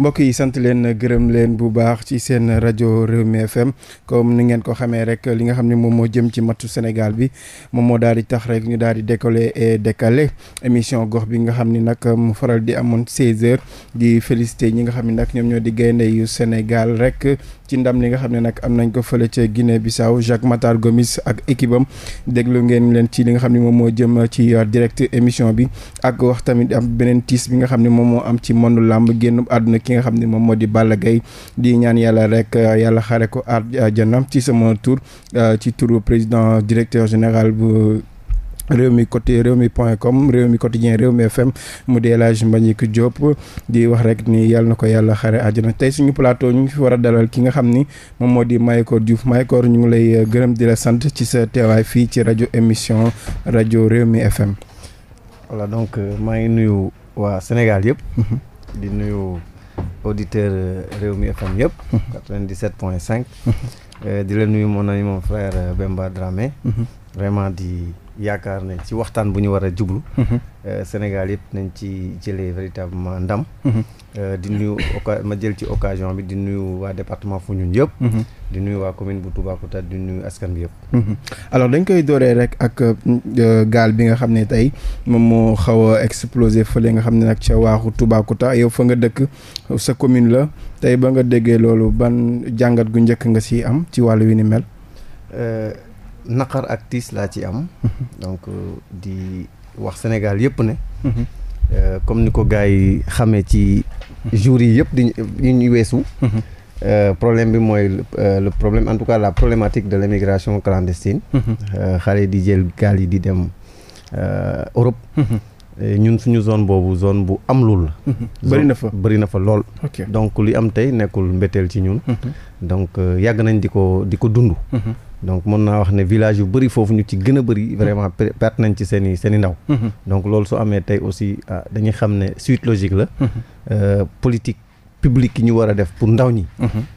mbokk yi sant leen gërëm leen bu baax ci seen rajo Rewmi FM kom ni ngeen ko xamee rek li nga xam ne moom moo jëm ci matu Sénégal bi moom moo daal di tax rek ñu daal di décoller et décaler émission gox bi nga xam ni nag mu faral di amoon 16h di félicité ñi nga xam ne nag ñoom ñoo di gaynde yu Sénégal rek ci ndam li nga xam ne nag am nañ ko fële ca Guinée Bissau Jacques Matar Gomis ak équipe am déglu ngeen leen ci li nga xam ne moom moo jëm ci direct émission bi ak wax tamit am beneen bi nga xam ne moom moo am ci monde làmb génn àdduna ki nga xam ne moom moo di Balla Gaye di ñaan yàlla rek euh, yàlla xare ko àjjana ci sama tour euh, ci tour président directeur général bu réew mi côté réew mi point com réew mi quotidien réew mi fm mu dee laaj Mbagnick Diop di wax rek ni yàlla na ko yàlla xare àjjana tey suñu plateau ñu ngi fi war a dalal ki nga xam ni moom moo di Mayakor Diouf Mayakor ñu ngi lay euh, gërëm di la sant ci sa teewaay fii ci rajo émission rajo réew mi fm voilà donc maa ngi nuyu waa Sénégal yëpp mhm. di nuyu auditeurs euh, Rewmi FM yëpp. 97 mhm. point 5. Mhm. Euh, di la nuyu moon ami mon frère euh, Bemba Dramé. Mhm. vraiment di. yaakaar ne ci waxtaan bu ñu war a jublu. Mhm. Euh, Sénégal yëpp nañ ci jëlee véritablement ndam. Mhm. Euh, di nuyu ma jël ci occasion bi di nuyu waa département Foundiougne yëpp. Mhm. di nuyu waa commune bu Toubacouta di nuyu askan bi yëpp. alors dañ koy dooree rek ak euh, gaal bi nga xam ne tey moom moo xaw a explosé fële nga xam ne nag ca waaxu Toubacouta yow fa nga dëkk sa commune la tey ba nga déggee loolu ban jàngat gu njëkk nga si am ci wàllu wi ni mel. naqar actrice laa ci am. donc euh, di wax Sénégal yëpp ne. Mhm. Euh, comme ni ko gars yi xamee ci jours yi yëpp di ñu ñu weesu. Mhm. Euh, problème bi mooy le problème en tout cas la problématique de l' immigration clandestine. Mhm. xale di jël gaal yi di dem Europe. ñun suñu zone boobu zone bu am lul la. Mhm. bëri na fa bari na fa lool. donc li am tey nekkul mbetteel ci ñun. Mhm. donc euh, yàgg nañ di ko di ko dund. Mhm. donc mën naa wax ne village yu bëri foofu ñu ci gën a bëri vraiment perte nañ ci seeni seeni ndaw. donc loolu su amee tey aussi ah, dañuy xam ne suite logique la. Euh, politique publique yi ñu war a def pour ndaw ñi.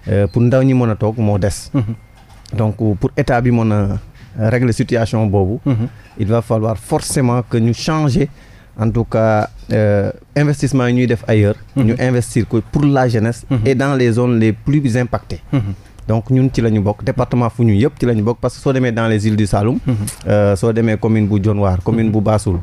Euh, pour ndaw ñi mën a toog moo des. donc pour état bi mën a régler situation boobu. il va falloir forcément que ñu changer. en tout cas euh, investissement yi ñuy def ailleurs. Mhm. ñu investir ko pour la jeunesse. Mhm. et dans les zones les plus impactées. Mhm. donc ñun ci la ñu bokk département fu ñu yëpp ci la ñu bokk parce que soo demee dans les îles du Saloum. Euh, soo demee commune bu Dionewar commune bu Bassoul.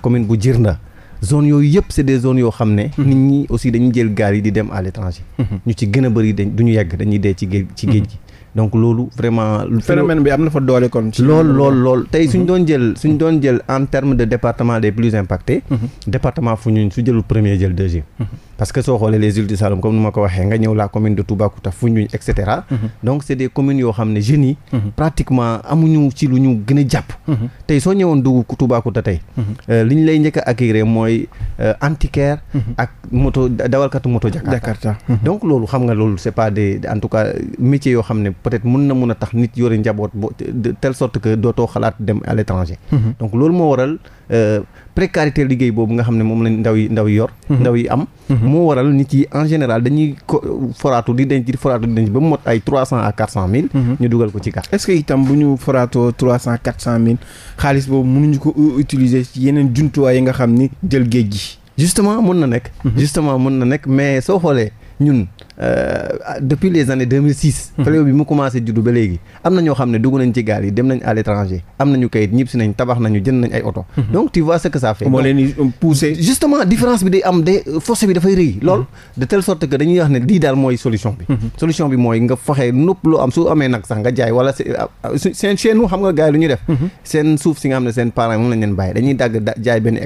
commune bu Djirnda. zone yooyu yëpp c' est yoo xam ne. nit ñi aussi dañuy jël gaal yi di dem à l' étranger. ñu ci gën a bëri dañ ñu yegg dañuy dee ci géej ci géej gi. donc loolu vraiment. phénomène bi am na fa doole kon. lool lool lool tey suñ mhm. doon jël suñ doon jël en terme de département des plus impactés. Mhm. département fu ñu su jëlul premier jël deuxième. Mhm. parce que soo xoolee les îles du Saloum comme ni ma ko waxee nga ñëw la commune de Toubacouta Foundiougne et cetera. Mm-hmm. donc c' est des communes yoo xam ne jeunes mm-hmm. pratiquement amuñu ci lu ñu gën a jàpp. Mm-hmm. tey soo ñëwoon dugg Toubacouta tey. Euh, li ñu lay njëkk a accueillir mooy euh, antiquaire. ak moto dawalkatu moto Jakarta. donc loolu xam nga loolu c' pas des en tout cas métiers yoo xam ne peut mun na mun a tax nit yore njaboot bo de sorte que dootoo xalaat dem à l' étranger. précarité liggéey boobu nga xam ne moom lañ ndaw yi ndaw yi yor. Mhm. ndaw yi am. Mhm. moo waral nit yi en général dañuy foraatu di denc di foraatu di denc ba mu mot ay trois cent à quatre mhm. ñu dugal ko ci carte. est-ce que itam bu ñu foraatoo trois cent quatre cent xaalis boobu mënuñu ko utiliser ci yeneen jumtuwaay yi nga xam ni jël géej gi. justement mën na nekk. justement mën na nekk mais soo xoolee ñun. Euh, depuis les années 2006. Mhm. fléau bi mu commencé juddu ba léegi am na ñoo xam ne dugg nañ ci gaal yi dem nañ à l'étranger am nañu kayit ñibb si tabax nañu jënd nañ ay oto. Mhm. donc tu vois ce que ça lool mhm. de telle sorte que dañuy wax ne lii daal mooy solution bi. solution bi mooy nga fexe nëpp loo am su amee nag sax nga jaay wala euh, seen seen nu xam nga gaay lu ñuy def. seen suuf si nga xam ne seen parents moom lañ leen bàyyi dañuy dagg jaay benn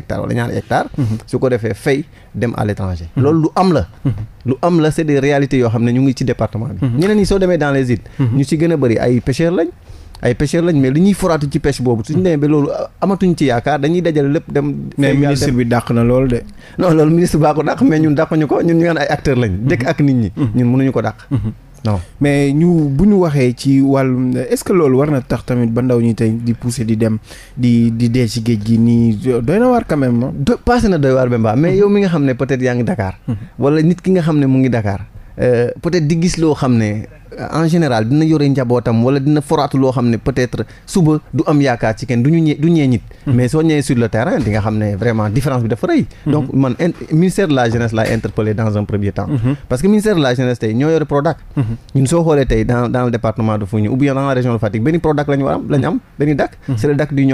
lu am la c'est des yoo xam ne ñu ngi ci département bi. Mhm. ñeneen ñi soo demee dans les îles. Mhm. ñu ci gën a bëri ay pêcheurs lañ. ay pêcheurs lañ mais li ñuy foraatu ci pêche boobu suñu demee ba loolu amatuñ ci yaakaar dañuy dajale lépp dem. mais ministre bi dàq na loolu de. non loolu ministre baa ko dàq mais ñun dàquñu ko ñun ñu naan ay acteurs lañ. dëkk ak nit ñi. Mhm. ñun mënuñu ko dàq. non mais ñu bu ñu waxee ci wàllum est-ce que loolu war na tax tamit ba ndaw ñi tey di pousser di dem di di dee ci géej gi nii doy na waar quand même. na doy waar ba mbaa mais mhm. yow mi nga xam ne peut-être yaa ngi Dakar. Mhm. wala nit ki nga xam ne mu ngi Dakar. Euh, peut di gis loo xam ne en général dina yore njabootam wala dina foraatu loo xam ne peut suba du am yaakaar ci kenn du ñu du ñee nit. Hmm. mais soo ñëwee sur le terrain di xam ne vraiment différence bi dafa rëy. Hmm. donc man ministère la jeunesse laay interpellé dans un premier temps. Hmm. parce que ministère la jeunesse tey ñoo yore Prodac. ñun soo xoolee tey dans dans le département de Foundiougne ou région de Fatick benn Prodac la am la am benn DAC. c'est le DAC du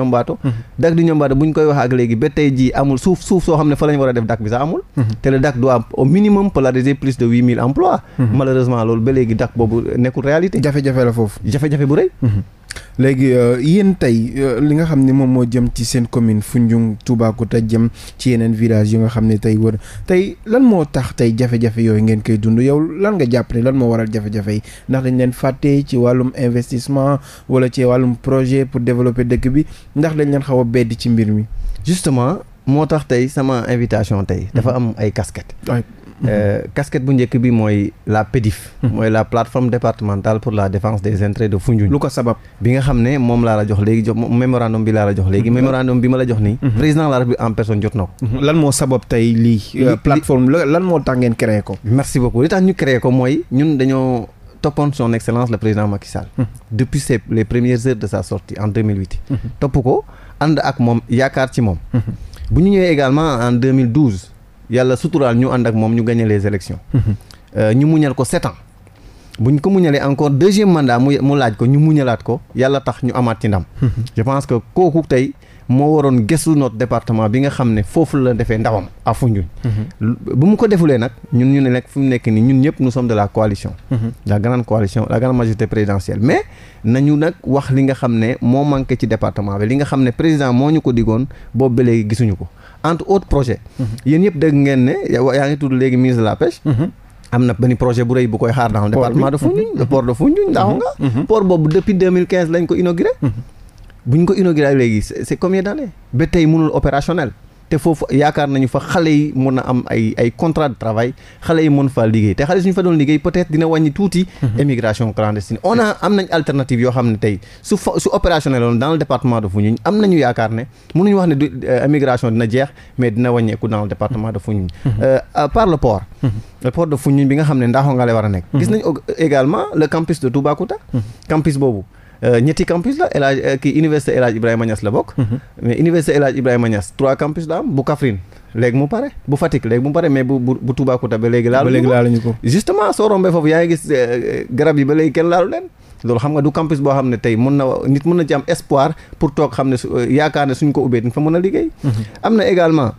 nekkul réalité. jafe-jafe la foofu. jafe-jafe bu rëy. Mm-hmm. léegi euh, yéen tey euh, li nga xam ni moom moo jëm ci seen commune fu Foundiougne Toubacouta jëm ci yeneen village yi nga xam ne tey wër tey lan moo tax tey jafe-jafe yooyu ngeen koy dund yow lan nga jàpp ne lan moo waral jafe-jafe yi ndax dañ leen fàtte ci wàllum investissement wala ci wàllum projet pour développer dëkk bi ndax dañ leen xaw a bedd ci mbir mi. justement moo tax tey sama invitation tey. dafa mm-hmm. am ay casquettes. Euh, casquette bu njëkk bi mooy la PEDIF. Hmm. mooy la plateforme départementale pour la défense des intérêts de Foundiougne. lu ko sabab bi nga xam ne moom laa la jox léegi jox mémorandum bi laa la jox léegi. Hmm. mémorandum bi ma la jox nii. Hmm. président de la République en personne jot na lan moo sabab tey lii. Euh, lan moo tax ngeen créé ko. merci beaucoup li tax ñu créé ko mooy ñun dañoo. toppoon son excellence le président Macky depuis ses les premières heures de sa sortie en topp yàlla suturaal ñu ànd ak moom ñu gagné les élections euh, ñu muñal ko sept ans buñ ko muñalee encore deuxième mandat mu mu laaj ko ñu muñalaat ko yàlla tax ñu amaat ci ndam mhm. je pense que kooku tey moo waroon gëstu notre département bi nga xam ne foofu la defee ndawam à Foundiougne mhm. bu mu ko defulee nag ñun ñu ne nekk fu mu nekk nii ñun ñëpp nous sommes de la coalition mhm. la la grande majorité présidentielle mais nañu nag wax li nga xam ne moo manqué entre autres projet mhm. yéen yëpp dégg ngeen ne yaa ngi tudd léegi ministre de la pêche. Mhm. am na benn projet bu rëy bu koy xaar dans le département de Foundiougne mhm. le port de Foundiougne ndax nga. port boobu depuis lañ ko inauguré. bu ñu ko inauguré léegi c'est combien d'années ba tey mënul opérationnel. te foofu yaakaar nañu fa xale yi mun a am ay contrat de travail xale yi mun faa liggéey te xale suñu fa doon liggéey peut-être dina wàññi tuuti. Mhm. émigration clandestine on a am nañ alternative yoo xam ne tey su fa su opérationnel woon dans le département de Foundiougne am nañu yaakaar ne mënuñu wax ne du euh, émigration dina jeex mais dina wàññeeku dans le département de Foundiougne. Mhm. Mhm. Euh, par le port. le port de Foundiougne bi nga xam ne Ndaxo nga lay war a nekk. gis nañ Euh, ñetti campus la El Hadj euh, kii université El Hadj Ibrahima Niass la bokk. Mhm. mais université El Hadj Ibrahima Niass trois campus la am bu Kaffrine léegi mu pare bu Fatick léegi mu pare mais bu bu ba léegi. laalu ko ba léegi laaluñu ko. justement soo rombee foofu yaa ngi euh, garab yi ba léegi kenn laalu leen. loolu xam nga du campus boo xam ne tey mun na nit mun na ci am espoir pour toog xam ne yaakaar ne suñ ko ubbee dañ fa mën a liggéey. Mhm. am na également.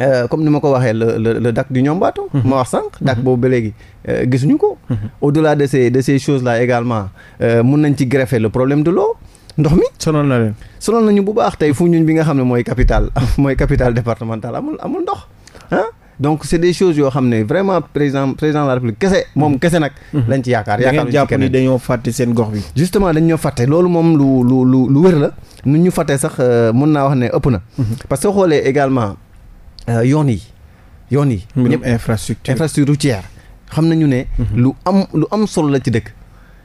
Euh, comme ni ma ko waxee la le le DAC du Ñombaato mhm. ma wax sànq DAC mhm. boobu ba léegi euh, gisuñu ko mhm. au-delà de ces de ces choses là également euh, mun nañ ci greffer le problème de l'eau ndox mi sonal na leen sonal nañu bu baax tey Foundiougne bi nga xam ne mooy capitale mooy capitale départementale amul amul ndox ah donc c'est des chose yoo xam ne vraiment président président de la République kese moom kese nag lañ ci yaakaar yaakaar ñu jàpp ni dañoo fàtte seen gox bi justement dañ ñoo fàtte loolu moom lu lu lu lu wér la nu ñu fàtte sax mun naa wax ne ëpp na parce que xoolee également Euh, yoon yi yoon yi. ñëpp infrastructure infrastructure routière xam nañu ne. Mhm. lu am lu am solo la ci dëkk.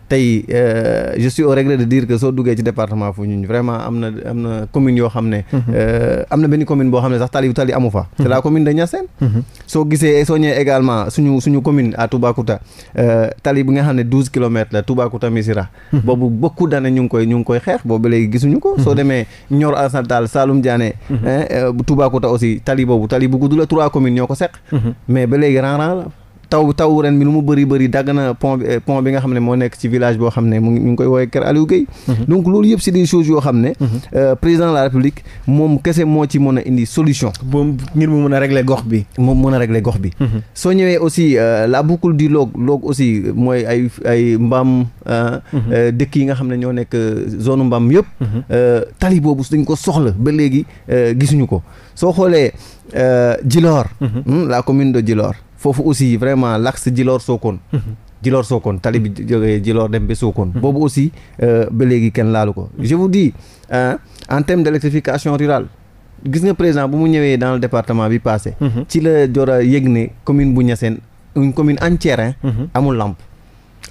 tey euh, je suis au regret de dire que soo duggee ci département Foundiougne vraiment am na am na commune yoo xam ne mhm. euh, am na benn commune boo xam ne sax tali tali amu fa mhm. c'est la commune mhm. soo gisee soo ñëwee également suñu suñu commune à Toubacouta euh, tali bi nga xam ne douze kilomètres la Toubacouta Missira boobu beaucoup d'années ñu ngi koy ñu ngi koy xeex boobu léegi gisuñu ko soo demee Nioro Alassane Tall Saloum Diané Toubacouta aussi tali boobu tali bu gudd la trois communes ñoo ko seq mais ba léegi rang rang la taw taw ren bi lu mu bëri bëri dagg na pont bi eh, pont bi nga xam ne moo nekk ci village boo xam ne mu ngi koy woowee kër Aliou Guèye mhm. donc loolu yëpp c'est des choses yoo xam ne mhm. euh, président la république moom kese moo ci mën a indi solution moom ngir mu mën a régler gox bi moom mën a régler gox bi mhm. soo ñëwee aussi euh, la boucle du Log Log aussi mooy ay ay mbaam euh, dëkk yi nga xam ne ñoo nekk zone mbaam yëpp tali boobu dañ ko soxla ba léegi gisuñu ko soo xoolee Djilor hmm, la commune de Djilor foofu aussi vraiment l'axe Djilor Sokone mhm. Djilor Sokone tali bi mhm. jógee Djilor dem ba Sokone mhm. boobu aussi euh, ba léegi kenn laalu ko je vous dis hein, en termes d'électrification rurale gis nga président bu mu ñëwee dans le département bi passé ci la jor a yëg ne commune bu Niassène commune amul lampe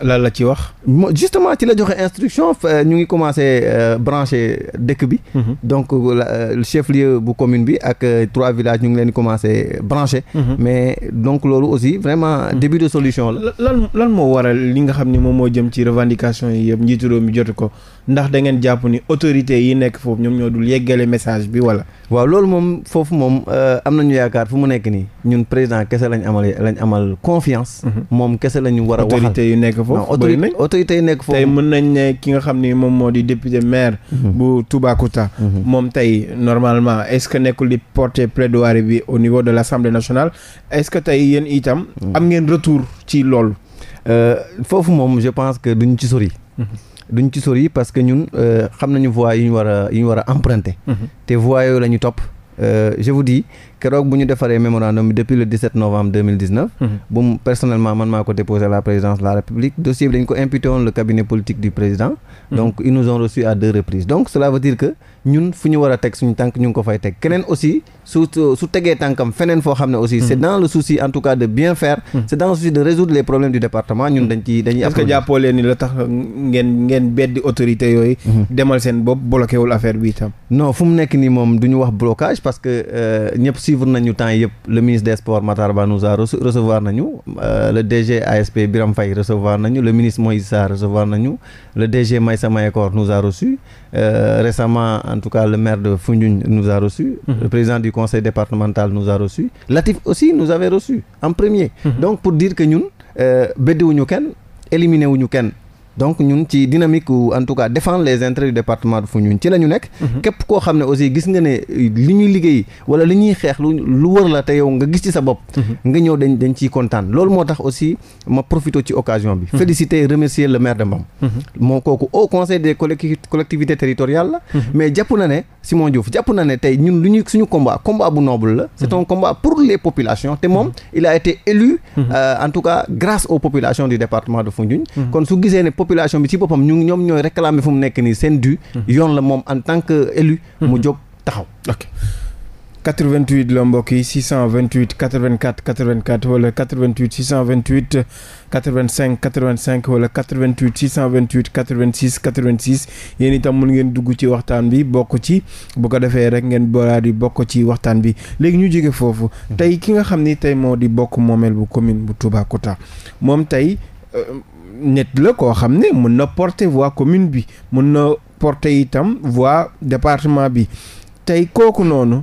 lan la ci wax. justement ci la joxe instruction ñu ngi commencé euh, branché dëkk bi. Mm-hmm. donc euh, chef lieu bu commune bi ak euh, trois villages ñu ngi leen di commencé mm-hmm. mais donc loolu aussi vraiment mm-hmm. début de solution la. lan lan moo waral li nga xam ne moom moo jëm ci revendication yi yëpp njiitu réew mi jotu ko. ndax da ngeen jàpp ni autorité yi nekk foofu ñoom ñoo dul yeggale message bi wala. waaw loolu moom foofu moom euh, am nañu yaakaar fu mu nekk nii ñun président kese lañ amal lañ amal confiance. Mhm. moom kese lañu war a waxal autorité yi nekk foofu. bëri nañ autorité yi nekk foofu. mën nañ ne ki nga xam ni moom moo di député maire. Mhm. bu Toubacouta. Mhm. moom tey normalement est-ce que nekkul di porter plaidoirie bi au niveau de l'Assemblée nationale est-ce que tey yéen itam. am ngeen retour ci loolu. Euh, foofu moom je pense que duñ ci sori. duñ ci sori parce que ñun euh, xam nañu voies yi ñu war a ñu war a emprunter. Mm-hmm. te voies yooyu la ñu topp euh, je vous dis keroog bu ñu defaree mémorandum depuis le novembre mhm. bu mu personnellement man maa ko déposé la présidence la République dossier bi dañ ko imputé woon le cabinet politique du président. Mhm. donc ils nous à deux reprises donc cela veut dire que ñun fu ñu war a teg suñu tànk ñu ngi ko fay teg keneen aussi su tegee tànkam feneen foo xam ne aussi. c' mhm. dans le souci en tout cas de bien faire. c' dans le souci de résoudre les problèmes du département suivre nañu temps yëpp le ministre des sports Matar Ba nous a recevoir nañu euh, le DG ASP Biram Faye recevoir nañu le ministre Moïse Sarr recevoir nañu le DG Maïssa Mayekor nous a reçu euh, récemment en tout cas le maire de Foundiougne nous a reçu mhm. le président du conseil départemental nous a reçu Latif aussi nous avait reçu en premier mhm. donc pour dire que ñun euh, beddiwuñu kenn éliminé wuñu kenn donc ñun ci dynamique en tout cas défendre les intérêts du département de Foundiougne ci la ñu nekk. Mhm. képp koo xam ne aussi gis nga ne li ñuy liggéey wala li ñuy xeex lu wër la te yow nga gis ci sa bopp. Mhm. nga ñëw dañ dañ ciy kontaan loolu moo tax aussi ma profité ci occasion bi. Mhm. féliciter remercier le maire Mbam. moo kooku au conseil des collectivités territoriales la. mais jàpp na ne Simon Diouf jàpp na ne tey ñun lu ñuy suñu combat combat bu noble la. c'est un a été élu. Euh, en tout population bi ci boppam ñu ñoom ñooy réclamer fu mu nekk nii seen du mhm. yoon la moom en tant que élu mu mhm. jóg taxaw ok 88 la mbokk yi 628 84 84 wala 88 628 85 85 wala 88 628 86 86 yéen itam mun ngeen dugg ci waxtaan bi bokk ci bu ko defee rek ngeen boolaa di bokk ci waxtaan bi léegi ñu jóge foofu. Mhm. tey ki nga xam ni tey moo di bokk moomeel bu commune bu Toubacouta moom tey. Euh, nit la koo xam ne mën na porter voix commune bi mun na porter itam voix département bi tey kooku noonu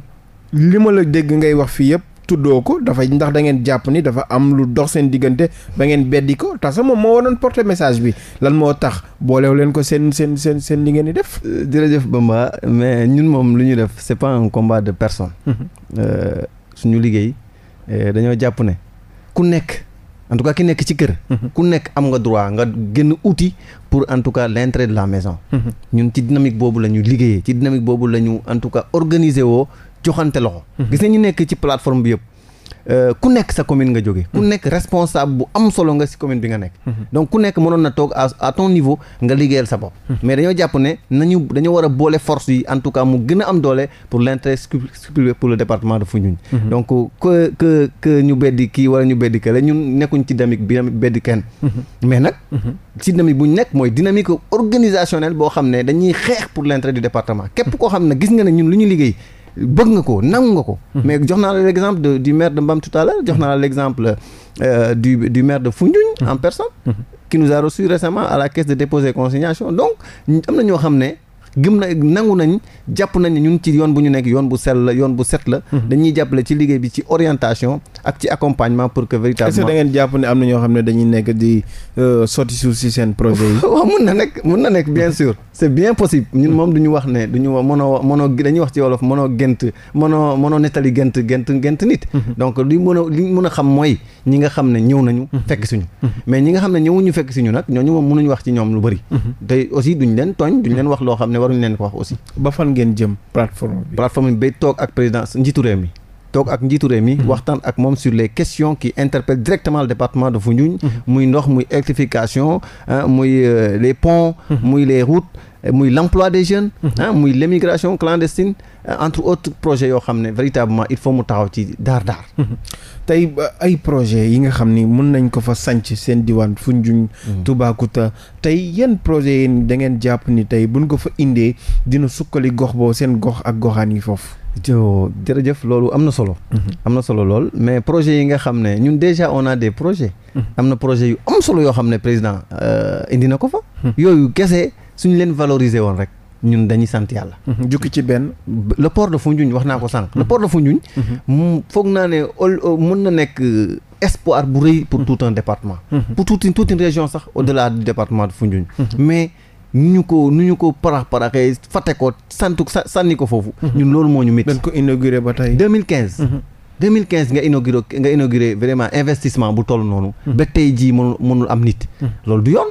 li ma la dégg ngay wax fii yëpp tuddoo ko dafa ndax da ngeen jàpp ni dafa am lu dox seen diggante ba ngeen beddi ko tax sax moom moo waroon porter message bi lan moo tax boolew leen ko seen seen seen seen li ngeen di def. Euh, jërëjëf Bamba mais ñun moom lu ñu def c'est pas combat de personne. Mhm. Euh, suñu liggéey euh, dañoo jàpp ne ku nekk. en tout ki nekk ci kër. Mhm. ku nekk am nga droit nga génn outil pour en tout l' intérêt de la maison. Mhm. ñun ci dynamique boobu la ñu liggéeyee ci dynamique boobu la ñu en tout cas organiser woo joxante loxo. Mhm. gis ñu nekk ci plateforme bi yëpp. Euh, ku nekk sa commune nga jóge ku hmm. nekk responsable bu am solo nga si commune bi nga nekk hmm. donc ku nekk mënoon na toog à à ton niveau nga liggéeyal sa bopp hmm. mais dañoo jàpp ne nañu dañoo war a boole force yi en tout cas mu gën a am doole pour l'intérêt supérieur pour le département de Foundiougne donc que que que ñu beddi kii wala ñu beddi kële ñun nekkuñ ci dynamique bi beddi kenn mais nag ci dynamique bu ñu nekk mooy dynamique organisationnelle boo xam ne dañuy xeex pour l'intérêt du département képp koo xam ne gis nga ne ñun lu ñu liggéey bëgg nga ko nangu nga ko. Hmm. mais jox naa la l' exemple du maire de Mbam tout à l'heure jox naa la l' euh, du du maire de Foundiougne. Hmm. en personne. Hmm. qui nous a reçu récemment à la caisse de dépôt consignation donc am na ñoo xam ne. gëm na nangu nañ jàpp nañ ñun ci yoon bu ñu nekk yoon bu sell la set la. Mhm. dañuy jàppale ci liggéey bi ci orientation ak ci accompagnement pour que véritablement. Euh, moom du wax ne du wax ci wolof mënoo gént mënoo nettali gént gént nit. Mhm. donc li mën a li mën a xam mooy ñi nga xam ne ñëw nañu. Mhm. fekk si mais ñi nga xam ne ñëwuñu fekk si nag ñooñu moom mënuñu wax ci ñoom lu bari. te aussi duñ leen tooñ duñ leen wax loo xam ne waruñu leen ko wax aussi. ba fan ngeen jëm plateforme bi. plateforme bi bay toog ak président njiitu réew mi. toog ak njiitu réew mi mhm. waxtaan ak moom sur les questions qui interpellent directement le département de Foundiougne mhm. muy ndox muy électrification muy euh, les ponts mhm. muy les routes muy l'emploi des jeunes ah muy l'immigration clandestine euh, entre autres projets yoo xam ne véritablement il faut mu taxaw ci daar daar tey euh, ay projets yi nga xam ni mën nañ ko fa sanc seen diwaan Foundiougne Toubacouta tey yan projets yi da ngeen jàpp ni tey buñ ko fa indee dina sukkali gox boo seen gox ak goxaan yi foofu jo jërëjëf loolu am na solo. Mm-hmm. am na solo lool mais projet yi nga xam ne ñun déjà on a des projets. Mm-hmm. am na projet yu am solo yoo xam ne président euh, indi na ko fa. Mm-hmm. yooyu kese suñu leen valoriser woon rek ñun dañuy sant yàlla. jukki ci benn. le port de Foundiougne wax naa ko sànq. le port de Foundiougne. foog naa ne euh, mën na nekk euh, espoir bu rëy. pour tout un département. pour toute une toute une région sax au-delà du département de Foundiougne. mais nu ñu ko nu ñu ko parax paraxee fate ko sant sa sànni ko foofu. Mhm. ñun loolu moo ñu métti. dañ ko inauguré ba tey. 2015. 2015 mhm. nga inauguré nga inauguré vraiment investissement bu toll noonu. Mhm. ba tey ji mënul mënul am nit. loolu du yoon.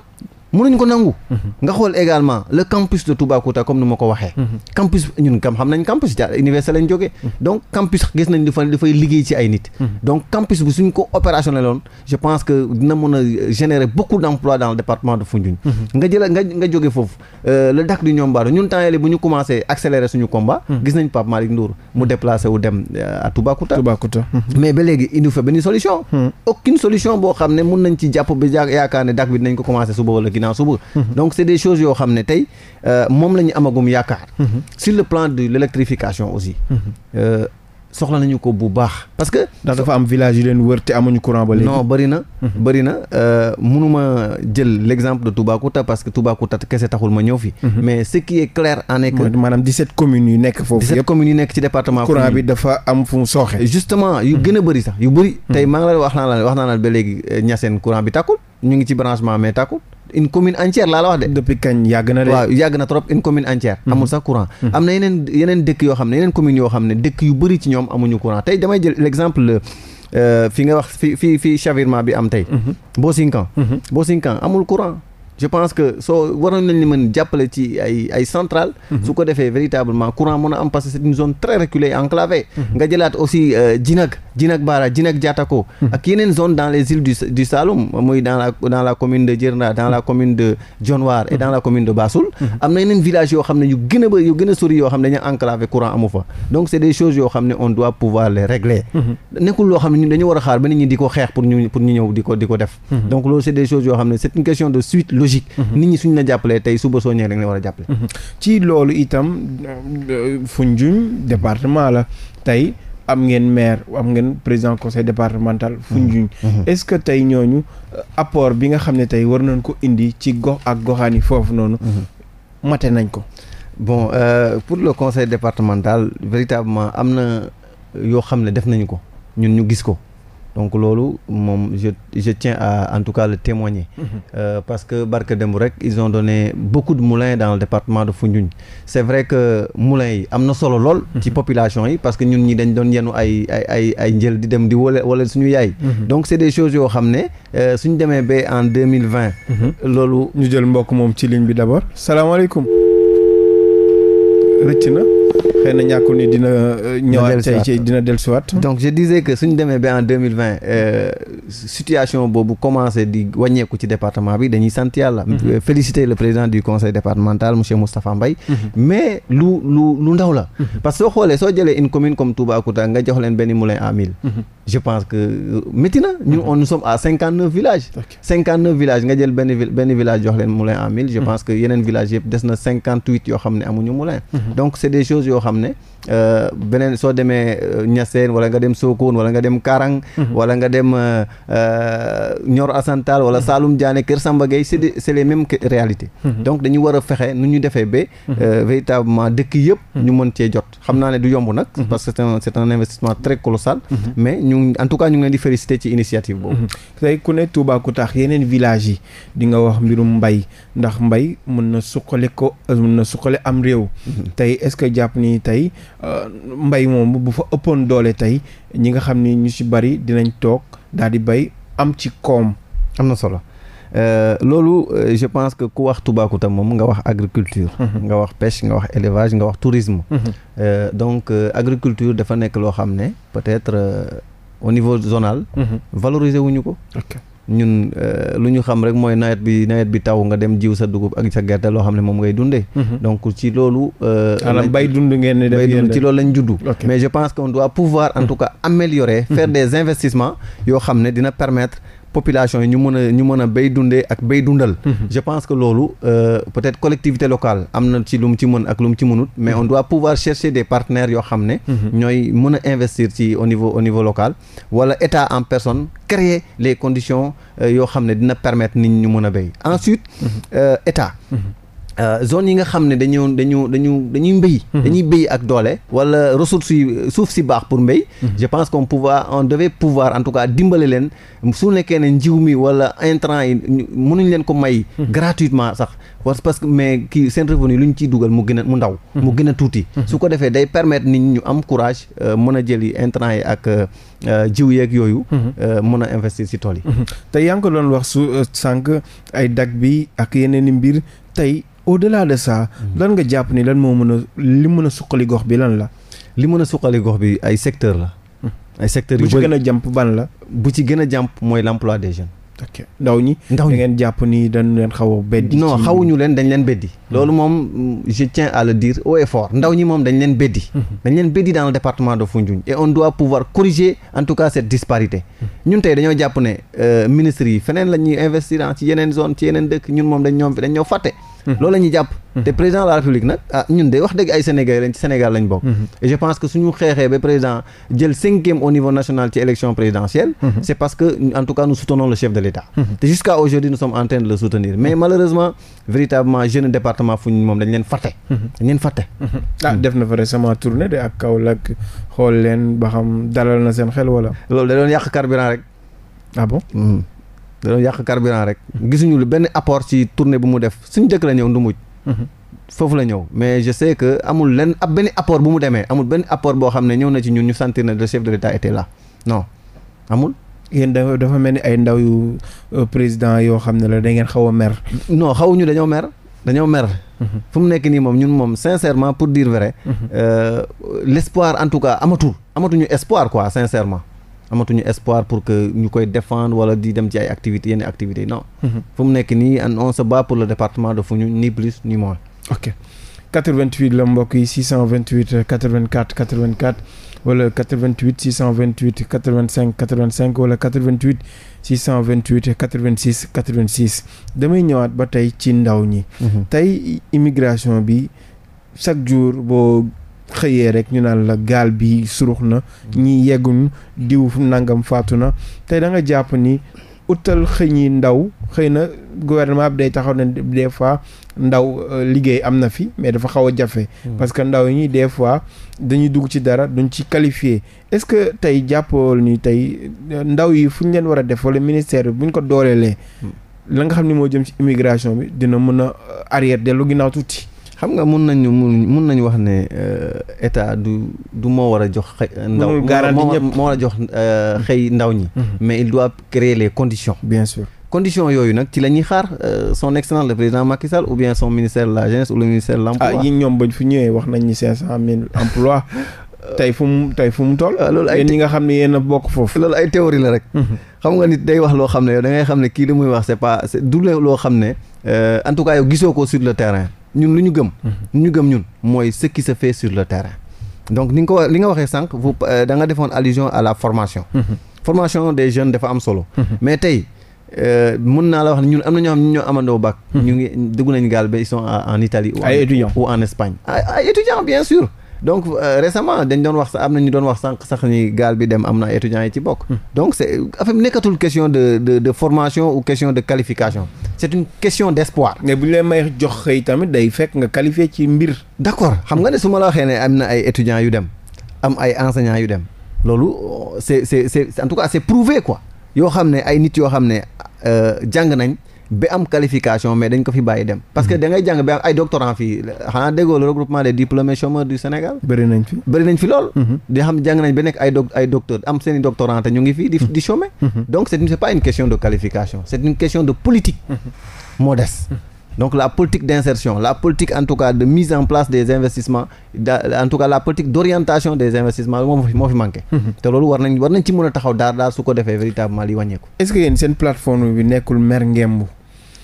mënuñ ko nangu. Mhm. nga xool également le campus de Toubacouta comme ni ma ko waxee. Mhm. campus ñun kam xam nañ campus ja université lañ jógee. Mhm. donc campus gis nañ dafay liggéey ci ay nit. donc campus bi suñ ko opérationnel loon je pense que dina mën a générer beaucoup d' emplois dans le département nga jëla nga nga jóge foofu euh, le DAC du Niombar ñun temps yële bu ñu commencé accélérer suñu combat. gis nañ Pape Malick Ndour mu déplacé wu dem euh, ginnaaw donc c' est des yoo xam ne tey euh, moom la amagum yaakaar. sur le plan de l' aussi. Euh, soxla nañu ko bu baax parce que. dafa am village yu leen wër te amuñu courant ba léegi. non bëri na. Mhm. bëri na euh, ma ñëw fi. Mhm. mais ce qui est clair en est que. maanaam 17 communes yu nekk foofu. 17 communes yu nekk ci département. courant bi dafa am fu mu sooxe. justement yu mhm. gën a bëri sax yu bëri. tey maa ngi la wax naa la wax naa la ba léegi Niassène courant bi tàkkul ñu ngi ci branchement mais tàkkul. une commune entière laa la wax de. depuis kañ yàgg na de. waaw na trop une commune entière. Mhm. amul sax courant. Mhm. am na yeneen dëkk yoo xam ne yeneen communes yoo xam ne dëkk yu bëri ci ñoom amuñu courant tey damay jël l'exemple euh, fi nga wax fi fi fi chavirement bi am tey. Mhm. Bosinkan. Bosinkan amul courant. je pense ci ay ay mhm. su ko defee véritablement courant mën a am parce que une zone très reculée enclavée mhm. nga jëlaat aussi Djinak euh, Djinak Bara Djinak Diatako mhm. ak yeneen zone dans les îles du du Saloum dans la commune de Djirnda dans la commune de Dionewar et dans la commune de Bassoul am na yeneen village yoo xam ne yu gën sori yoo xam ne dañu enclavé courant amu fa donc c'est des choses yoo xam ne on doit pouvoir les régler nekkul loo dañu war xaar logique. Mhm. nit ñi suñ la jàppalee tey suba soo ñëwee rek la war a jàppale. Mhm. ci loolu itam euh, Foundiougne département la tey am ngeen maire am ngeen président conseil départemental Foundiougne. Mhm. est-ce que tey ñooñu euh, apport bi nga xam ne tey war nañ ko indi ci gox ak goxaan yi foofu noonu. mate nañ ko. bon euh, pour le conseil départemental véritablement am na yoo xam ne def nañu ko ñun ñu gis ko. donc loolu moom je je tiens à en tout cas le témoigner. Mm -hmm. euh, parce que barke Demba rek ils ont donné beaucoup de moulins dans le département de Foundiougne. c' est vrai que moulins yi am na solo lool. ci mhm. population yi parce que ñun ñi dañ doon yenu ay ay ay ay di dem di wala wala suñu yaay. Mhm. donc c' est des choses yoo xam ne euh, suñ demee ba en deux mille vingt. Mhm. loolu ñu jël mbokk moom ci ligne bi d' abord. salaamaaleykum rëcc na. xëy na ñàkkul ni dina. Euh, ñëwaat ci dina euh, bi dañuy sant yàlla. Mhm. Euh, féliciter le président du conseil départemental monsieur Moustapha Mbaye. Mhm. mais lu ndaw la. Mhm. parce que soo xoolee soo jëlee une commune comme Toubacouta nga jox leen benn moulin à mille. je pense que métti na ñun on nous sommes à nga jël benn village jox leen moulin à mille. je pense que yeneen villages yëpp des na yoo xam ne amuñu moulin. donc c'est des choses yoo xam xam ne Euh, beneen soo demee euh, Niassène wala nga dem koon wala nga dem Karang mhm. wala nga dem ñor euh, Assantal wala mhm. saalum Diané Kër Samba Gueye c'est des c'est les mêmes réalité mhm. donc dañu war a fexe nu ñu defee ba véritablement dëkk yëpp ñu mën cee jot xam naa ne du yomb nag parce que c'est un c'est un investissement très colossal mais ñu en tout cas ñu ngi leen di féliciter ci initiative boobu tey ku ne Toubacouta yeneen village yi dinga wax mbirum mbay ndax mbay mun na suqale ko mën na suqale am réew tey est jàpp ni tey Euh, mbay moom bu fa ëppoon doole tey ñi nga xam ni ñu ci bari dinañ toog daal di bay am ci koom. am na solo euh, loolu euh, je pense que ku wax Toubacouta moom nga wax agriculture. Mhm. nga wax pêche nga wax élevage nga wax tourisme. Mhm. donc agriculture dafa nekk loo xam ne peut-être au niveau zonal. Mhm. valoriser wuñu ko. ñun euh, lu ñu xam rek mooy nawet bi nawet bi taw nga dem jiw sa dugub ak sa gerte loo xam ne moom ngay dundee. Mhm. donc ci loolu. maanaam euh, bay dund ngeen ne bay dund ci loolu lañ juddu. mais je pense qu'on doit pouvoir en mhm. tout cas améliorer. faire mhm. des investissements yoo xam ne dina permettre. population yi ñu mën a ñu mën a béy dundee ak béy dundal mhm. je pense que loolu euh, peut-être collectivité locale am na ci lu mu ci mën ak lu mu ci mënut mais on doit pouvoir chercher des partenaires yoo xam ne mhm. ñooy mën a investir ci au niveau au niveau local wala état en personne créer les conditions euh, yoo xam ne dina permettre nit ñu mën a béy ensuite mhm. euh, état Euh, zone yi nga xam ne dañoo dañu dañu dañuy mbéy mhm. dañuy béy ak doole wala ressources yi suuf si baax pour mbéy mhm. je pense qu'on pouvoir on devait pouvoir en tout cas dimbale leen su nekkee ne njiw mi wala intrant yi mënuñ leen ko may mhm. gratuitement sax parce que mais kii seen revenu lu ñu ciy dugal mu gën mu ndaw mu gën a tuuti su ko defee day permettre nit ñu am courage euh, mën a jëli intrant yi ak euh, jiw yeeg yooyu mën a investir si tool yi te yaa ngi ko wax su sànq ay dag bi ak yeneen i mbir tey au-delà de ça. Hmm. lan nga jàpp ni lan moo mën a li mën a suqali gox bi lan la. li mën a suqali gox bi ay secteur la. Hmm. ay secteurs yu bëri bu ci gën a jàmp ban la. bu ci gën a jàmp mooy l'emploi des jeunes. ok ndaw ñi. ndaw ñi ngeen jàpp nii dañu leen xaw a beddi. non xawuñu leen dañ leen beddi. loolu moom je tiens à le dire haut et ndaw ñi moom dañ leen beddi mhm. dañ leen beddi dans le département de Foundiougne et on doit pouvoir corriger en tout cas cette disparité mhm. ñun tey dañoo jàpp ne euh, ministres yi feneen la ñuy ci yeneen zone ci yeneen dëkk ñun moom dañ ñoo fàtte mhm. loolu la jàpp te président la république nag ah, ñun de wax dëgg ay sénégal lañ bokk je pense que suñu xeexee ba président jël cinquième au niveau national ci élection exactement fu ñu moom dañ leen fàtte. Mhm. dañ leen fàtte. Mhm. ah mhm. def na fa récemment tournée de ak Kaolack xool leen ba xam dalal na seen xel wala. loolu da doon yàq carburant rek. ah gisuñu lu benn apport ci tournée bu mu def suñu jëkk la ñëw ndu mujj. foofu la ñëw mais je sais que amul lenn ab benn apport bu mu demee amul benn apport boo xam ne ñëw na ci ñun ñu sentir ne le chef de l'État était là non amul. yéen dafa mel ni ay ndaw yu euh, président yoo xam ne la da ngeen a mer. non xawuñu dañoo mer. Mhm. fu mu nekk nii moom ñun moom sincèrement pour dire vrai. Mhm. Euh, l' espoir en tout cas amatul amatuñu espoir quoi sincèrement. amatuñu espoir pour que ñu koy défendre wala di dem ci ay activités yenn activités non. Mhm. fu mu nekk nii on se bat pour le département de Foundiougne ni plus ni moins. ok 88 la mbokk yi 628 84 84. wala 88 628 85 85 wala 88 628 86 86 damay ñëwaat ba tey ci ndaw ñi. Mhm. tey immigration bi chaque jour boo xëyee rek ñu naan la gaal bi surux na. Mhm. ñi yegguñ diw nangam faatu na tey da nga jàpp ni utal xëy ñi ndaw xëy na gouvernement bi day taxaw ne des fois. ndaw euh, liggéey am na fi mais dafa xaw a jafe. Hmm. parce que ndaw ñi des fois dañuy dugg ci dara duñ ci qualifié est-ce que tey jàppoo nii tey euh, ndaw yi fu ñu leen war a def wala ministère bi bu ko dooleelee. Hmm. la nga xam ne moo jëm ci immigration bi dina mën a euh, arrière dellu ginnaaw tuuti. xam nga mun nañu mun nañu wax ne état du du moo war a jox. ndaw moo war a jox xëy ndaw ñi. Hmm. mais il doit créer les bien sûr. condition yooyu nag ci la ñuy xaar euh, son excellence le président Macky Sall ou bien son ministère de la jeunesse ou le ministère de l'emploi. Ah, yi ñoom bañ fu ñëwee wax nañ ni cinq cent mille euh, tey fu mu tey fu mu toll. loolu ay yéen ñi nga xam ne yéen bokk foofu. loolu ay théorie la rek. Mhm. xam nga nit day wax loo xam ne da ngay xam ne kii li muy wax c'est pas c'est du loo xam ne. Euh, en tout cas yow gisoo ko sur le terrain ñun lu ñu gëm. Mhm. ñu gëm ñun mooy ce qui se sur le terrain. donc ni nga ko li nga waxee sànq vous da nga à la formation. Mhm. formation des jeunes dafa am solo. Euh, mun naa la wax ne ñun am na ñoo xam ñoo amandoo bac. Hmm. ñu ngi dugg nañ gaal ba ils sont en Italie. ay étudiants ou en Espagne. ay étudiants bien sûr. donc euh, récemment dañ doon wax sax am na ñu doon wax sànq sax ni gaal bi dem am na étudiants yi ci bokk. Hmm. donc c'est affaire nekkatul question de de de formation de qualification. c'est une question d'espoir. mais bu ñu lay may jox xëy tamit fekk nga qualifié ci mbir. d'accord xam nga ne su ma la waxee ne am na ay étudiants yu dem am ay enseignants yu dem loolu c'est c'est c'est en tout cas prouvé quoi. yoo xam ne ay nit yoo xam ne euh, jàng nañ ba am qualification mais dañ ko fi bàyyi dem. parce que mhm. da ngay jàng ba am ay doctorant fii xanaa déggoo le regroupement des diplômés chômeurs du Sénégal. bëri nañ fi bëri nañ fi lool. Mhm. di xam jàng nañ ba nekk ay doc ay docteur am seen i ñu ngi fi. di mhm. di chômer. donc c' est pas une question de qualification c' une question de politique. moo des. donc la politique d'insertion la politique en tout cas de mise en place des investissements en tout cas la politique d'orientation des investissements moo moo fi manqué mhm. te loolu war nañ war nañ ci mën a taxaw daar daar su ko defee véritablement li wàññeeku est-ce que yéen seen plateforme bi nekkul mer ngemb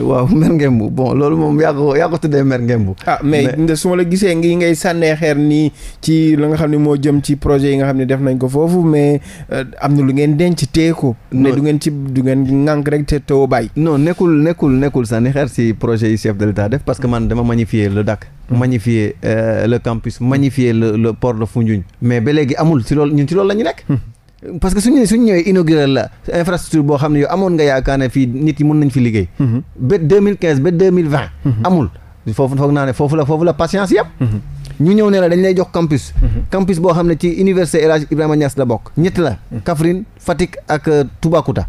waaw mer ngembu bon loolu moom yaa ko yaa ko tuddee mer ngembu. ah mais su ma la gisee ngi ngay sànnee xeer nii ci la nga xam ne moo jëm ci projet yi nga xam ne def nañ ko foofu mais euh, am na lu ngeen denc téye ko. ne du ngeen ci du ngeen ŋànk rek te too bàyyi. non nekkul nekkul nekkul sànni xeer si projet yi chef de l'État def parce que man dama magnifier le DAC. Hmm. magnifier euh, le campus magnifier la le port de Foundiougne mais ba léegi amul si loolu ñun ci loolu la ñu nekk. Hmm. parce que su suñ ñëwee inaugural la infrastructure boo xam ne yow amoon nga yaakaar fii nit yi mën nañ fi liggéey mhm. ba deux mille quinze ba deux mille vingt mhm. amul foofu foog foofu la foofu la patience yëpp mhm. ñu ñëw ne la dañ lay jox campus campus boo xam ne ci université El Hadj Ibrahima Niass la bokk ñett la Kaffrine Fatick ak euh, Toubacouta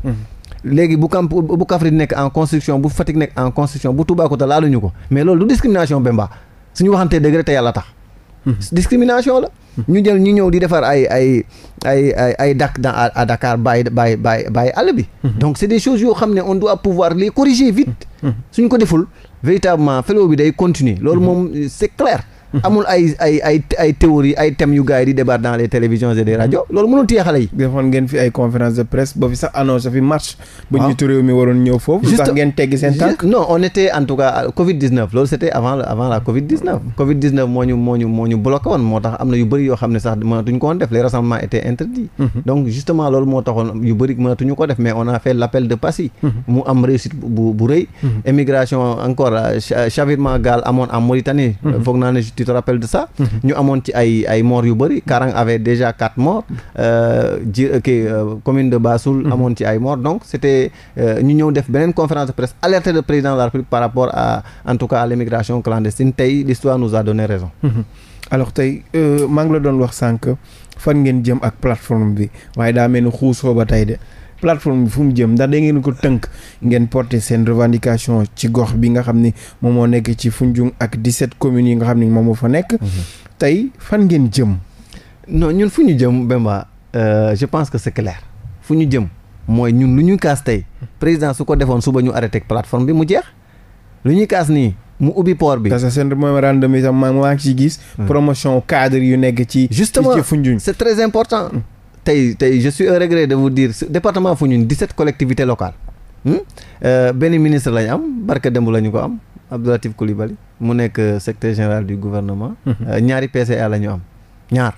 léegi bu camp bu Kaffrine nekk en construction bu Fatick nekk en construction bu Toubacouta laaluñu ko mais loolu du discrimination Bemba suñu waxantee dëgg rek te yàlla tax Mm-hmm. discrimination la. Mm-hmm. ñu jël ñu ñëw di defar ay ay ay ay ay dak dans à Dakar bàyyi bàyyi bàyyi bàyyi àll bi. Mm-hmm. donc c' est des choses yoo xam ne on doit pouvoir les corriger vite. suñ ko deful véritablement fléau bi day continuer loolu moom euh, c' clair. amul ay ay ay ay théorie ay thèmes yu gars di débattre dans les télévisions et des mm-hmm. loolu mënul téye xale yi. defoon ngeen fi ay conférence de presse ba fi sax annonce fi marche. bu ah. njiitu réew mi waroon ñëw foofu. juste sax ngeen teggi seen tànk. non on était en tout cas Covid 19 loolu c' avant la Covid 19. Ah. Covid 19 moo moo ñu moo ñu bloqué woon moo tax am na yu bëri yoo xam ne sax mënatuñ ko woon def les rassemblements étaient interdits. Mm-hmm. donc justement a tu te rappelles de ça ñu amoon ci ay ay morts yu bëri Karang avait déjà quatre morts euh, ji kii euh, commune de Bassoul mhm. amoon ci ay morts donc c'était euh, ñu ñëw def beneen conférence de presse alerté le président la République par rapport à en tout cas à l'immigration clandestine tey l'histoire nous a donné raison mhm. alors tey maa ngi la wax sànq fan ngeen jëm ak plateforme bi waaye daa mel ni xuusoo de plateforme bi fu mu jëm ndax da ngeen ko tënk ngeen porter seen revendication ci gox bi nga xam ni moom moo nekk ci Foundiougne ak 17 communes yi nga xam ni moom moo fa nekk. Mhm. tey fan ngeen jëm. non ñun fu ñu jëm Bemba euh, je pense que c'est clair fu ñu jëm mooy ñun lu ñu kaas tey président su ko defoon suba ñu arrêté plateforme bi mu jeex lu ñuy kaas nii. mu ubbi port bi. parce que seen mémorandum yi tam maa ngi ci gis. Hmm. promotion cadre yu nekk ci. justement ci Foundiougne c'est très important. Hmm. tey tey je suis au regret de vous dire département Foundiougne 17 collectivités locales hmm? euh, benn ministre lañ am barka démb la ñu ko am Abdou Latif Coulibaly mu nekk euh, secrétaire général du gouvernement euh, ñaari PCA la ñu am ñaar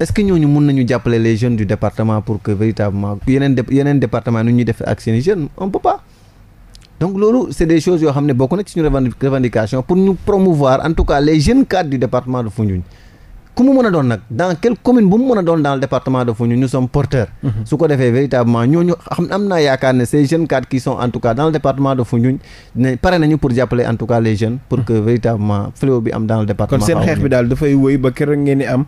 est-ce que ñooñu mun nañu jàppale les jeunes du département pour que véritablement yeneen yeneen département nu ñuy def ak seeni jeunes on peut donc loolu c'est des choses yoo xam ne bokk na ci suñu revendication pour ñu promouvoir en tout cas les jeunes cadres du département de ku mu mën a doon nag dans quelle commune bu mu mën a doon dans le département de Foundiougne nous sommes porteurs mhm. su ko defee véritablement ñooñu xam am naa yaakaar ne ces jeunes cadres qui sont en tout cas dans le département de Foundiougne ne pare nañu pour jàppale en tout cas les jeunes pour mhm. que véritablement fléau bi am dans le département kon seen xeex bi daal dafay wéy ba keroog ngeen di am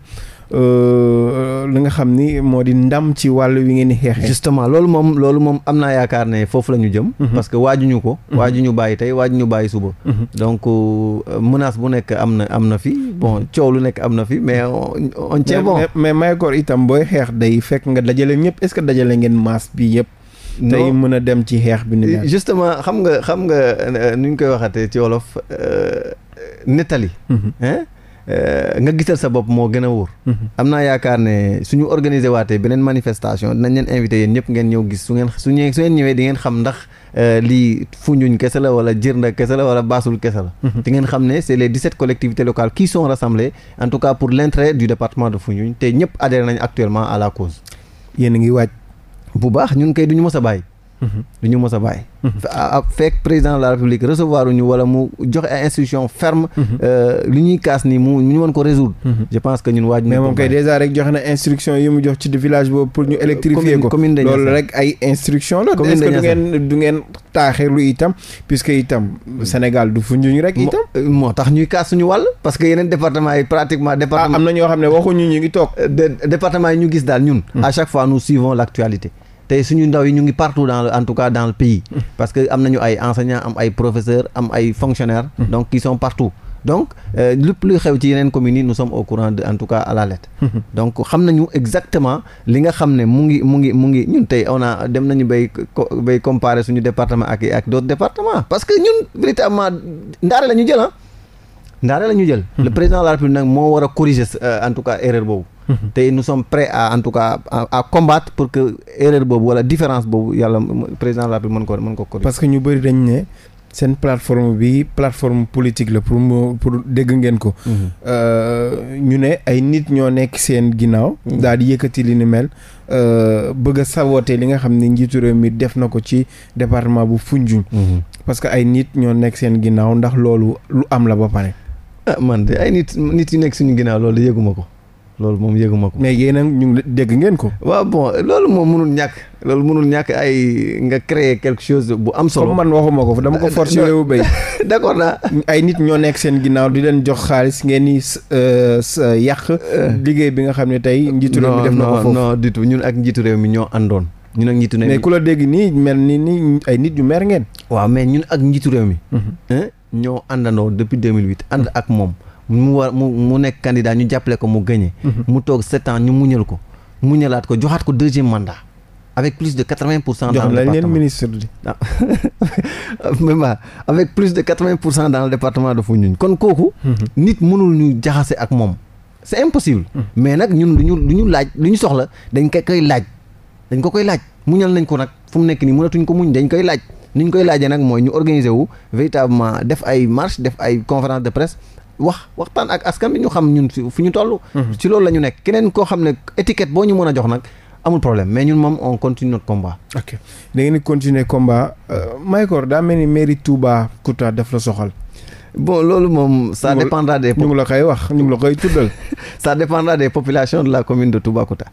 Euh, li nga xam ni moo di ndam ci wàllu wi ngeen di xeexee. justement loolu moom loolu moom am naa yaakaar ne foofu la ñu jëm. Mhm. parce que waajuñu ko. Mhm. waajuñu bàyyi tey waajuñu bàyyi suba. Mhm. donc euh, menace bu nekk am na am na fi bon coow lu nekk am na fi mais on tient bon. mais Mayakor itam booy xeex day fekk nga dajale ñëpp est-ce que dajale ngeen masse bi yëpp. tey mën a dem ci xeex bi. ni justement xam nga xam nga euh, nu ñu koy waxatee ci wolof nettali. Euh, nga gisal sa bopp moo gën a wóor. Mm-hmm. am naa yaakaar ne suñu organiser waatee beneen manifestation nañ leen invité yéen ñëpp ngeen ñëw gis su ngeen su ñëwee su ngeen ñëwee di ngeen xam ndax euh, lii Foundiougne kese la wala Djirnda kese la wala Bassoul kese la. Mm-hmm. di ngeen xam ne c'est les 17 collectivités locales qui sont rassemblées en tout cas pour l'intérêt du département de Foundiougne te ñëpp adhéré nañ actuellement à la cause. yéen a ngi waaj. bu baax ñun kay duñu a bàyyi. du ñu mos a bàyyi. Mhm. Ah, fekk président de la république recevoir ñu wala mu jox ay institution ferme. Mhm. Euh, li ñuy kaas ni mu ñu mën ko résoudre. Mhm. je pense que ñun waaj mais moom kay déjà rek joxe na instruction yi mu jox ci village boobu pour ñu euh, électrifier ko loolu rek ay instruction la est-ce que du ngeen du ngeen itam puisque itam mm. Sénégal du funjuñu rek itam euh, moo tax ñuy kaas suñu wàll parce que yeneen département yi pratiquement ah, département am na ñoo xam ne waxuñu ñu ngi toog département yi ñu gis daal ñun mm. à chaque fois nous suivons tey suñu ndaw yi ñu ngi partout dans le en tout cas dans le pays mm. parce que am nañu ay enseignants am ay professeurs am ay fonctionnaires mm. donc qui sont partout donc euh, lépp luy xew ci yeneen communes yi nous sommes au courant de en tout cas à la lettre mm-hmm. donc xam nañu exactement li nga xam ne mu ngi mu ngi mu ngi ñun tey on a dem nañu bay bay comparer suñu département ak ak d'autres départements parce que ñun véritablement ndaare la ñu jël ah la ñu jël mm-hmm. le président moo war a corriger euh, tout cas erreur boobu te nous sommes prêts à en tout cas à, combattre pour que erreur boobu wala différence boobu yàlla président de man République mën ko mën ko corriger. parce que ñu bëri dañ ne seen plateforme bi plateforme politique la pour mu pour dégg ngeen ko. Mhm. Euh, ñu ne ay nit ñoo nekk seen ginnaaw. Mhm. daal di yëkkati li ni mel. Euh, bëgg a li nga xam ni njiitu réew mi def na ko ci département bu funjuñ mhm. parce que ay nit ñoo nekk seen ginnaaw ndax loolu lu am la ba pare. ah man de ay nit nit yi nekk suñu ginnaaw loolu yëguma ko. loolu moom yëguma ko. mais yéen a ñu dégg ngeen ko. waaw bon loolu moom mënul ñàkk. loolu mënul ñàkk ay nga crée quelque chose bu am solo. comme man waxuma ko dama ko ah, forcer réew béy. d' accord naa. ay nit ñoo nekk seen ginnaaw di leen jox xaalis ngeen ni euh, yàq. Euh. liggéey bi nga xam ne tey. njiitu réew mi def ak njiitu réew mi ñoo àndoon. ñun ak njiitu réew mi mais ku la dégg nii mel ni ni ay nit yu mer ngeen. waaw mais ñun ak njiitu réew mi. Mhm. ñoo àndandoo depuis 2008 ànd ak moom. mu war mu mu nekk candidat ñu jàppale ko mu gagné. Mhm. mu toog sept ans ñu muñal ko muñalaat ko joxaat ko deuxième mandat. avec plus de quatre vingt pour cent. dans le département jox ah. leen de quatre pour cent dans le département de Foundiougne kon kooku. Mhm. nit mënul ñu jaxase ak moom. c' impossible. Mhm. mais nag ñun lu ñu lu ñu laaj lu ñu soxla dañ ko koy laaj. dañ ko koy laaj muñal nañ ko nag fu mu nekk nii mënatuñ ko muñ dañ koy laaj. ni ñu koy laajee nag mooy ñu organiser wu véritablement def ay marche def ay conférence de presse wax waxtaan ak askan bi ñu xam ñun fi ñu toll. Mhm. ci loolu la ñu nekk keneen koo xam ne étiquette boo ñu mën a jox nag amul problème mais ñun moom on continue notre combat. ok da ngeen di continuer combat euh, Mahécor daa mel ni mairie Touba Kouta daf la soxal. loolu moom ça dépendra des ñu ngi la koy wax ñu ngi la koy tuddal ça dépendra des populations de la commune de Toubacouta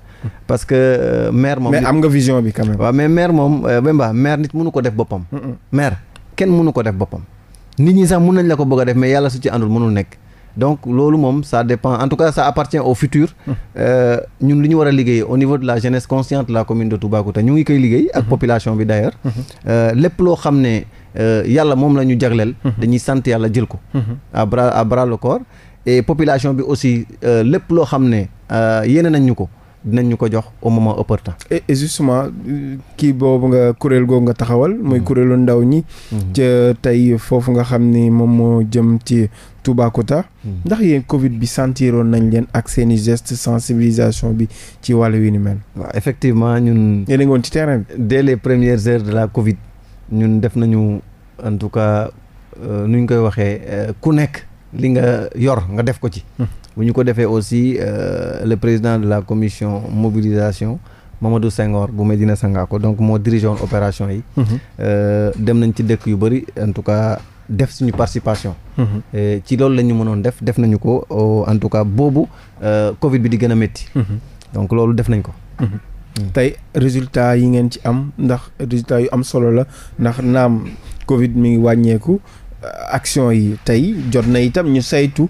parce que euh, maire moom mais am nga vision bi quand même waaw mais maire moom euh, Bemba maire nit mënu ko def boppam maire kenn mënu ko def boppam nit ñi sax mun nañ la ko bëgg a def mais yàlla su ci àndul mënul nekk donc loolu moom ça dépend en tout cas ça appartient au futur euh, ñun li ñu war a liggéey au niveau de la jeunesse consciente de la commune de Toubacouta ñu ngi koy liggéey ak population bi d'ailleurs euh, lépp loo xam ne euh, yàlla moom la jagleel dañuy sant yàlla jël ko à bras à le corps et population bi aussi lépp loo xam ne yéene nañ ñu ko dinañ ñu ko jox au moment opportun. et justement kii boobu nga kuréel googu nga taxawal. muy mm-hmm. kuréelu ndaw ñi. Mm-hmm. ca tey foofu nga xam ni moom moo jëm ci Toubacouta. Mm-hmm. ndax yéen Covid bi sentiroon nañ leen ak seen i geste sensibilisation bi ci wàllu wi ni mel. waaw effectivement ñun. yéen a woon ci terrain de les premières heures de la Covid ñun def nañu en tout cas euh, nu ñu koy waxee euh, ku nekk li nga yor nga def ko ci. bu ñu ko defee aussi euh, le président de la commission mobilisation Mamadou Senghor bu Medina Sangako donc moo dirigé woon opération yi. Mhm. Euh, dem nañ ci dëkk yu bëri en tout cas def suñu participation. Mhm. ci loolu la ñu mënoon def def nañu ko euh, en tout cas boobu Covid bi di gën a métti. Mhm. donc loolu def nañ ko. Hmm. tey résultat yi ngeen ci am ndax résultat yu am solo la ndax naam Covid mi ngi wàññeeku action yi tey jot na itam ñu saytu.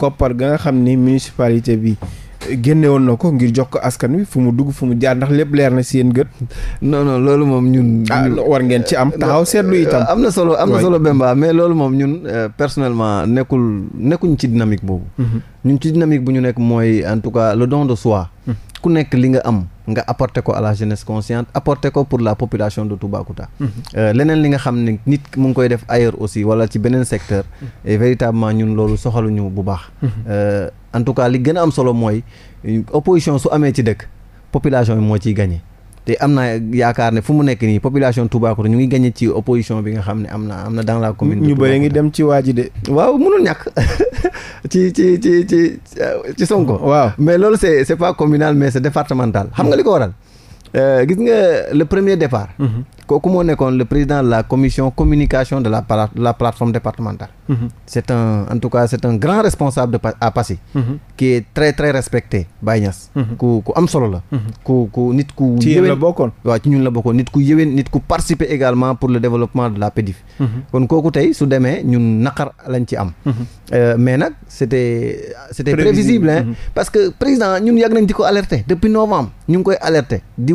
koppar ga nga xam ni municipalité bi génne woon na ko ngir jox ko askan wi fu mu dugg fu mu jaar ndax lépp leer na seen gët. non non loolu moom ñun. ah war ngeen ci am taxaw seetlu euh, itam. am na solo am na solo Bemba mais loolu moom ñun euh, personnellement nekkul nekkuñ ci dynamique boobu. Mhm. ñun ci dynamique bu ñu nekk mooy en tout cas le don de soi. Mhm. ku nekk li nga am. nga apporte ko à la jeunesse consciente apporter ko pour la population de Toubacouta. Mhm. Euh, leneen li nga xam ne nit mu ngi koy def ailleurs aussi wala ci beneen secteur. Mhm. et véritablement ñun loolu soxaluñu bu baax. Mhm. Euh, en tout cas li gën a am solo mooy opposition su amee ci dëkk population yi moo ciy gagné. te am naa yaakaar ne fu mu nekk nii population Toubacouta ñu ngi gagné ci opposition bi nga xam ne am na am na dans la commune. ñu bëri ngi dem ci waa de. waaw mënul ñàkk ci ci ci euh, ci Sonko. waaw mais loolu c' pas communal mais c' est départemental. xam nga li ko waral euh, gis nga le premier départ. Mm-hmm. kooku moo nekkoon le président de la commission communication de la de la plateforme départementale. Mm -hmm. c' est un en tout cas c' est un grand responsable de à Passy. Mhm. qui est très très respecté Baye Niass. Mhm. ku am solo la. Mhm. ku nit ku. ci waaw ci ñun la bokkoon nit ku yéwén nit ku participer également pour le développement de la PEDIF. kon kooku tey su demee ñun naqar lañ ci am. Euh, mais nag c' prévisible hein parce que président ñun yàgg nañ di ko alerter depuis novembre ñu koy alerter di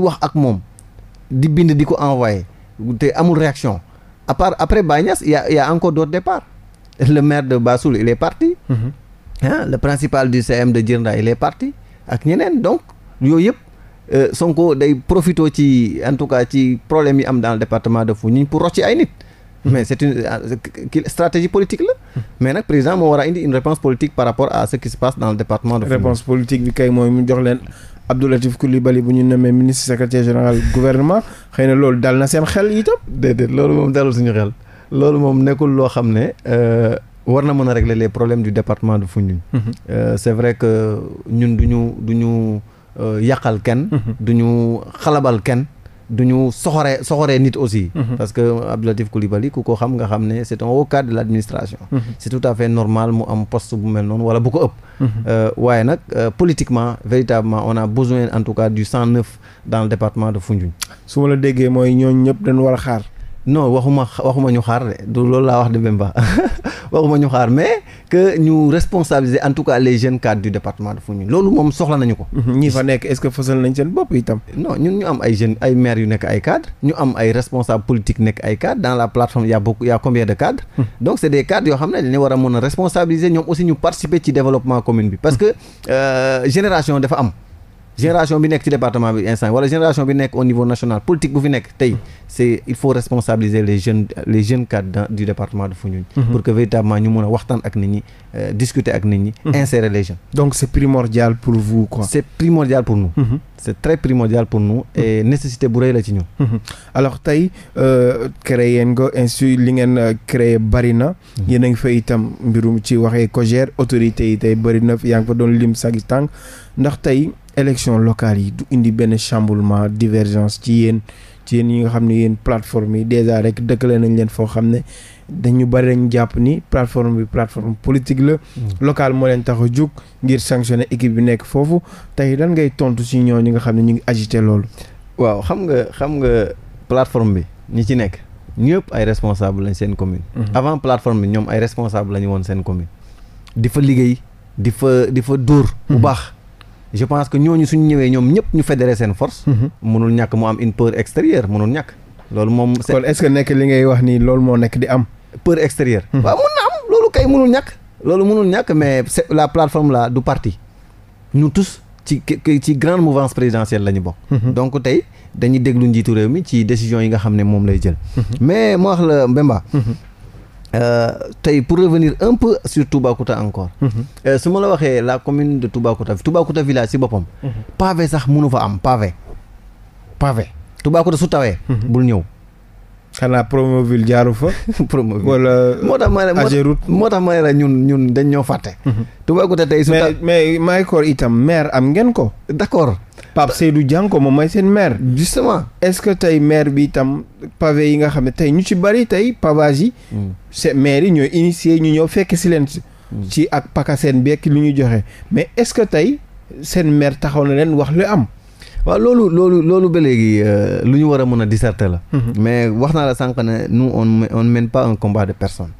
di bind di ko envoyé te amul réaction à après Baye Niass a a encore d' autres le maire de Bassoul il est parti. ah le principal du CM de Djirnda il est parti ak ñeneen donc yooyu yëpp. Euh, Sonko day profito ci en tout cas ci problème yi am dans le département de Foundiougne pour rocci ay nit. Mhm. mais c' une euh, stratégie politique la. Mhm. mais nag président moo war a indi une réponse politique par rapport à ce qui se passe dans le département de Foundiougne. réponse politique Abdoulatif Coulibaly bu ñu nommé ministre secrétaire général gouvernement xëy na loolu dal na seen xel itam. déedéet loolu moom dalul suñu xel loolu moom nekkul loo xam ne euh, war na mën a régler les problèmes du département de Foundiougne. Mhm. Euh, c'est vrai que ñun du ñu du ñu euh, yàqal kenn. Mhm. du ñu xalabal kenn. du ñu soxoree soxoree nit aussi. Mhm. parce que Abdou Latif Coulibaly ku ko xam nga xam ne c'est un haut cadre de l'administration. Mhm. c'est tout à fait normal mu am poste bu mel noonu wala bu ko ëpp. Mhm. Euh, waaye nag euh, politiquement véritablement on a besoin en tout cas du sang neuf dans le département de Foundiougne. su ma la déggee mooy ñooñu ñëpp dañu war a xaar. non waxuma waxuma ñu xaar de du loolu laa wax de même pas waxuma ñu xaar mais que ñu responsabiliser en tout cas les jeunes cadres du département de Foundiougne loolu moom soxla nañu ko. Mhm. ñi fa nekk est-ce que fësal nañ seen bopp itam. non ñun ñu am ay jeunes ay maires yu nekk ay cadres ñu am ay responsables politiques nekk ay cadres dans la plateforme y a beaucoup y a combien de cadres. Hmm. donc c'est des cadres yoo xam ne dañu war a mën a responsabiliser ñoom aussi ñu participer ci développement commune bi. parce que hmm. euh, génération dafa am. génération bi nekk ci département bi instant wala génération bi nekk au niveau national politique bu fi nekk tey c'est il faut responsabiliser les jeunes les jeunes cadres du département de Foundiougne mm-hmm. pour que véritablement ñu mën a waxtaan ak nit ñi euh, discuter ak nit ñi mm-hmm. insérer les jeunes donc c'est primordial pour vous quoi c'est primordial pour nous mm-hmm. c'est très primordial pour nous et nécessité bu rëy la ci ñun alors tey euh, créé ngeen ko institut li a élection locale yi du indi benn chamboulement divergence ci yéen ci yéen yi nga xam ne yéen plateforme yi déjà rek dëkkale nañ leen foo xam ne dañu bari dañ jàpp ni plateforme bi plateforme politique la. Hmm. locale moo leen tax a jóg ngir sanctionner équipe bi nekk foofu tey lan ngay tontu si ñoo ñooñu nga xam ne ñu ngi agité loolu. waaw xam nga xam nga plateforme bi ñu ci nekk ñëpp ay responsable lañ seen commune. Hmm. avant plateforme bi ñoom ay responsable lañu woon seen commune. di fa liggéey di fa di fa dóor bu hmm. baax. je pense que ñooñu suñu ñëwee ñoom ñëpp ñu fédéré seen force. mënul mhm. ñàkk mu am une peur extérieure mënul ñàkk. loolu moom kon est nekk li ngay wax ni loolu moo nekk di am. peur extérieure. Mhm. waaw mun na am loolu kay mënul ñàkk. loolu mënul ñàkk mais la plateforme là du parti ñun tous ci ci grande mouvance présidentielle la ñu bokk. Mhm. donc tey dañuy déglu njiitu réew mi ci décision yi nga xam ne moom lay jël. mais moo wax la Mbemba. Euh, tey pour revenir un peu sur Toubacouta encore. Mhm. Euh, su la waxee la commune de Toubacouta Toubacouta village si boppam. Mhm. pavé sax mënu fa am pavé. pavé Toubacouta su tawee. Mhm. bul ñëw. xanaa Promoville jaaru fa. Promoville moo tax ma moo tax ma ne la ñun ñun dañ ñoo fàtte. Toubacouta tey su. mais mais Mahécor itam maire am ngeen ko. d' Pape Seydou Dianko moom mooy seen maire. justement est-ce que tey maire bi tam pavé yi nga xam ne tey ñu ci bari tey pavage yi. Hmm. seen maire yi ñooy initier ñu ñëw fekk si leen hmm. ci ak pakaseen bi ak lu ñu joxe mais est-ce que tey seen maire taxaw na leen wax lu am. waa loolu loolu loolu ba léegi euh, lu ñu war a mën a disserter la. Hmm. mais wax naa la sànq ne nu on on mène pas un combat de personne.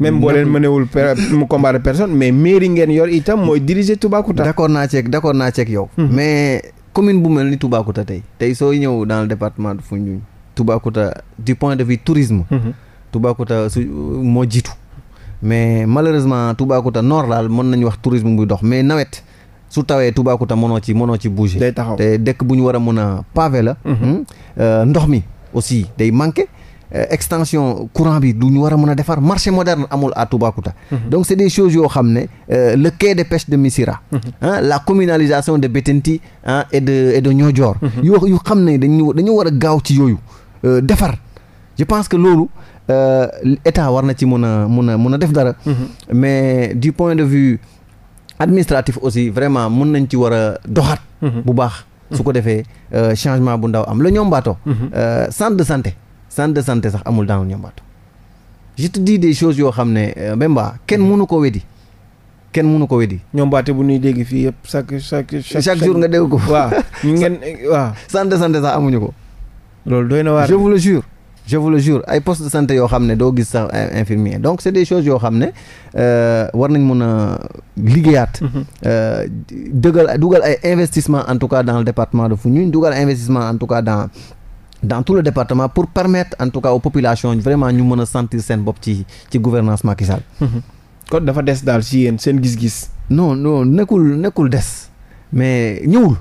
même boo leen mënewul mu combat de personne mais mairie ngeen yor itam mooy diriger Toubacouta. d'accord naa ceeg d'accord naa ceeg yow. mais commune bu mel ni Toubacouta tey tey soo ñëw dans le département de Foundiougne Toubacouta du point de vue tourisme. Mhm. Toubacouta su moo jiitu. mais malheureusement Toubacouta nord daal mën nañu wax tourisme buy dox mais nawet su tawee Toubacouta mënoo ci mënoo ci bouger. day taxaw te dëkk bu ñu war a mën a pavé la. Mhm. Hmm? Euh, ndox mi aussi day manqué. Euh, extension courant bi du ñu war a mën a defar marché moderne amul à Toubacouta. Mhm. donc c' est des yoo xam ne euh, le quai de pêche de Missirah. Mhm. la communalisation de Bettenty ah et de et de mhm. yoo xam ne dañu dañu war a gaaw ci yooyu euh, defar je pense que loolu. état war na ci mun a mun a a def dara. mais du point de vue administratif aussi vraiment mun nañ ci war a doxaat. bu baax su ko defee changement bu ndaw am la ñoom baatoo. de santé. centre de santé sax amul daanu ñambaatu je des choses yoo xam ne euh, Mbemba kenn mënu ko weddi kenn mënu ko weddi. ñombaate bu ñuy dégg fii yëpp chaque chaque chaque jour nga dégg ko. waaw ñu ngeen eh, waaw. centre de santé sax amuñu ko. loolu doy na waar je vous le jure. je ay poste de santé yoo xam ne doo gis sax eh, infirmier donc c' est des yoo xam ne euh, war nañ mun a liggéeyaat. Mhm. Euh, dëggal dugal ay investissement en tout cas dans le investissement en tout cas dans. dans tout le département pour permettre en tout cas aux populations vraiment ñu mën a sentir seen bopp ci ci gouvernance Macky mhm. dafa des daal ci yéen seen gis-gis non non nekkul nekkul des mais ñëwul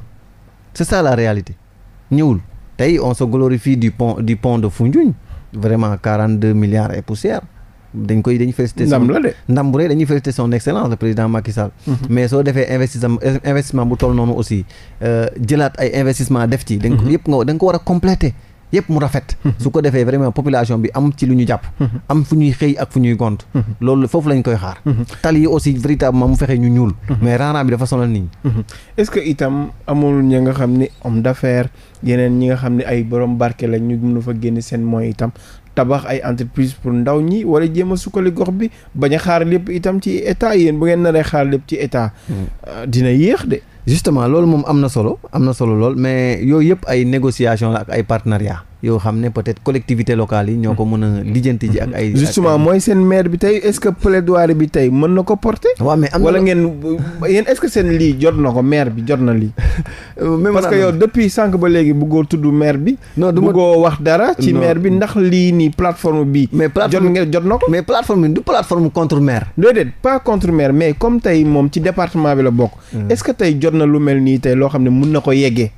c'est ça la réalité ñëwul tey on se glorifie du pont du pont de Foundiougne vraiment quarante deux milliards et poussière dañ koy dañuy féliciter ndam la de ndam bu rëy dañuy féliciter son excellence le président Macky Sall mhm. mais soo defee investissement investissement bu toll noonu aussi euh, jëlaat ay investissement def ci. dañ ko mhm. yëpp da nga ko war a yëpp mu rafet su ko defee vraiment population bi am ci lu ñu jàpp am fu ñuy xëy ak fu ñuy gont loolu foofu lañ koy xaar tali yi aussi véritablement mu fexe ñu ñuul mais raaraan bi dafa sonal nit ñi que itam amul ñi nga xam ni homme d'affaires yeneen ñi nga xam ne ay borom barke lañ ñu mën fa génne seen mooy itam tabax ay entreprise pour ndaw ñi wala jéem a sukkali gox bi bañ a xaar lépp itam ci état yéen bu ngeen naree xaar lépp ci état mm. dina yéex de justement loolu moom am na solo am na solo lool mais yooyu yëpp ay négociation la ak ay partenariat yow xam ne peut-être collectivité local yi ñoo ko mën a mm-hmm. lijjanti ji ak ay justement mooy seen maire bi tey est-ce que plaidoirie bi tey mën na ko porter waaw mais am wala ngeen yéen ce que seen lii jot na ko maire bi jot na lii parce que depuis sànq ba léegi bëggoo tudd maire bi non du bëggoo wax dara ci maire bi ndax lii nii plateforme bi mais jot ngeen jot na ko mais plateforme bi du plateforme contre maire déedéet comme tey moom ci département bi la bokk mm. est-ce que tey jot na lu mel nii tey loo xam ne mun na ko yeggee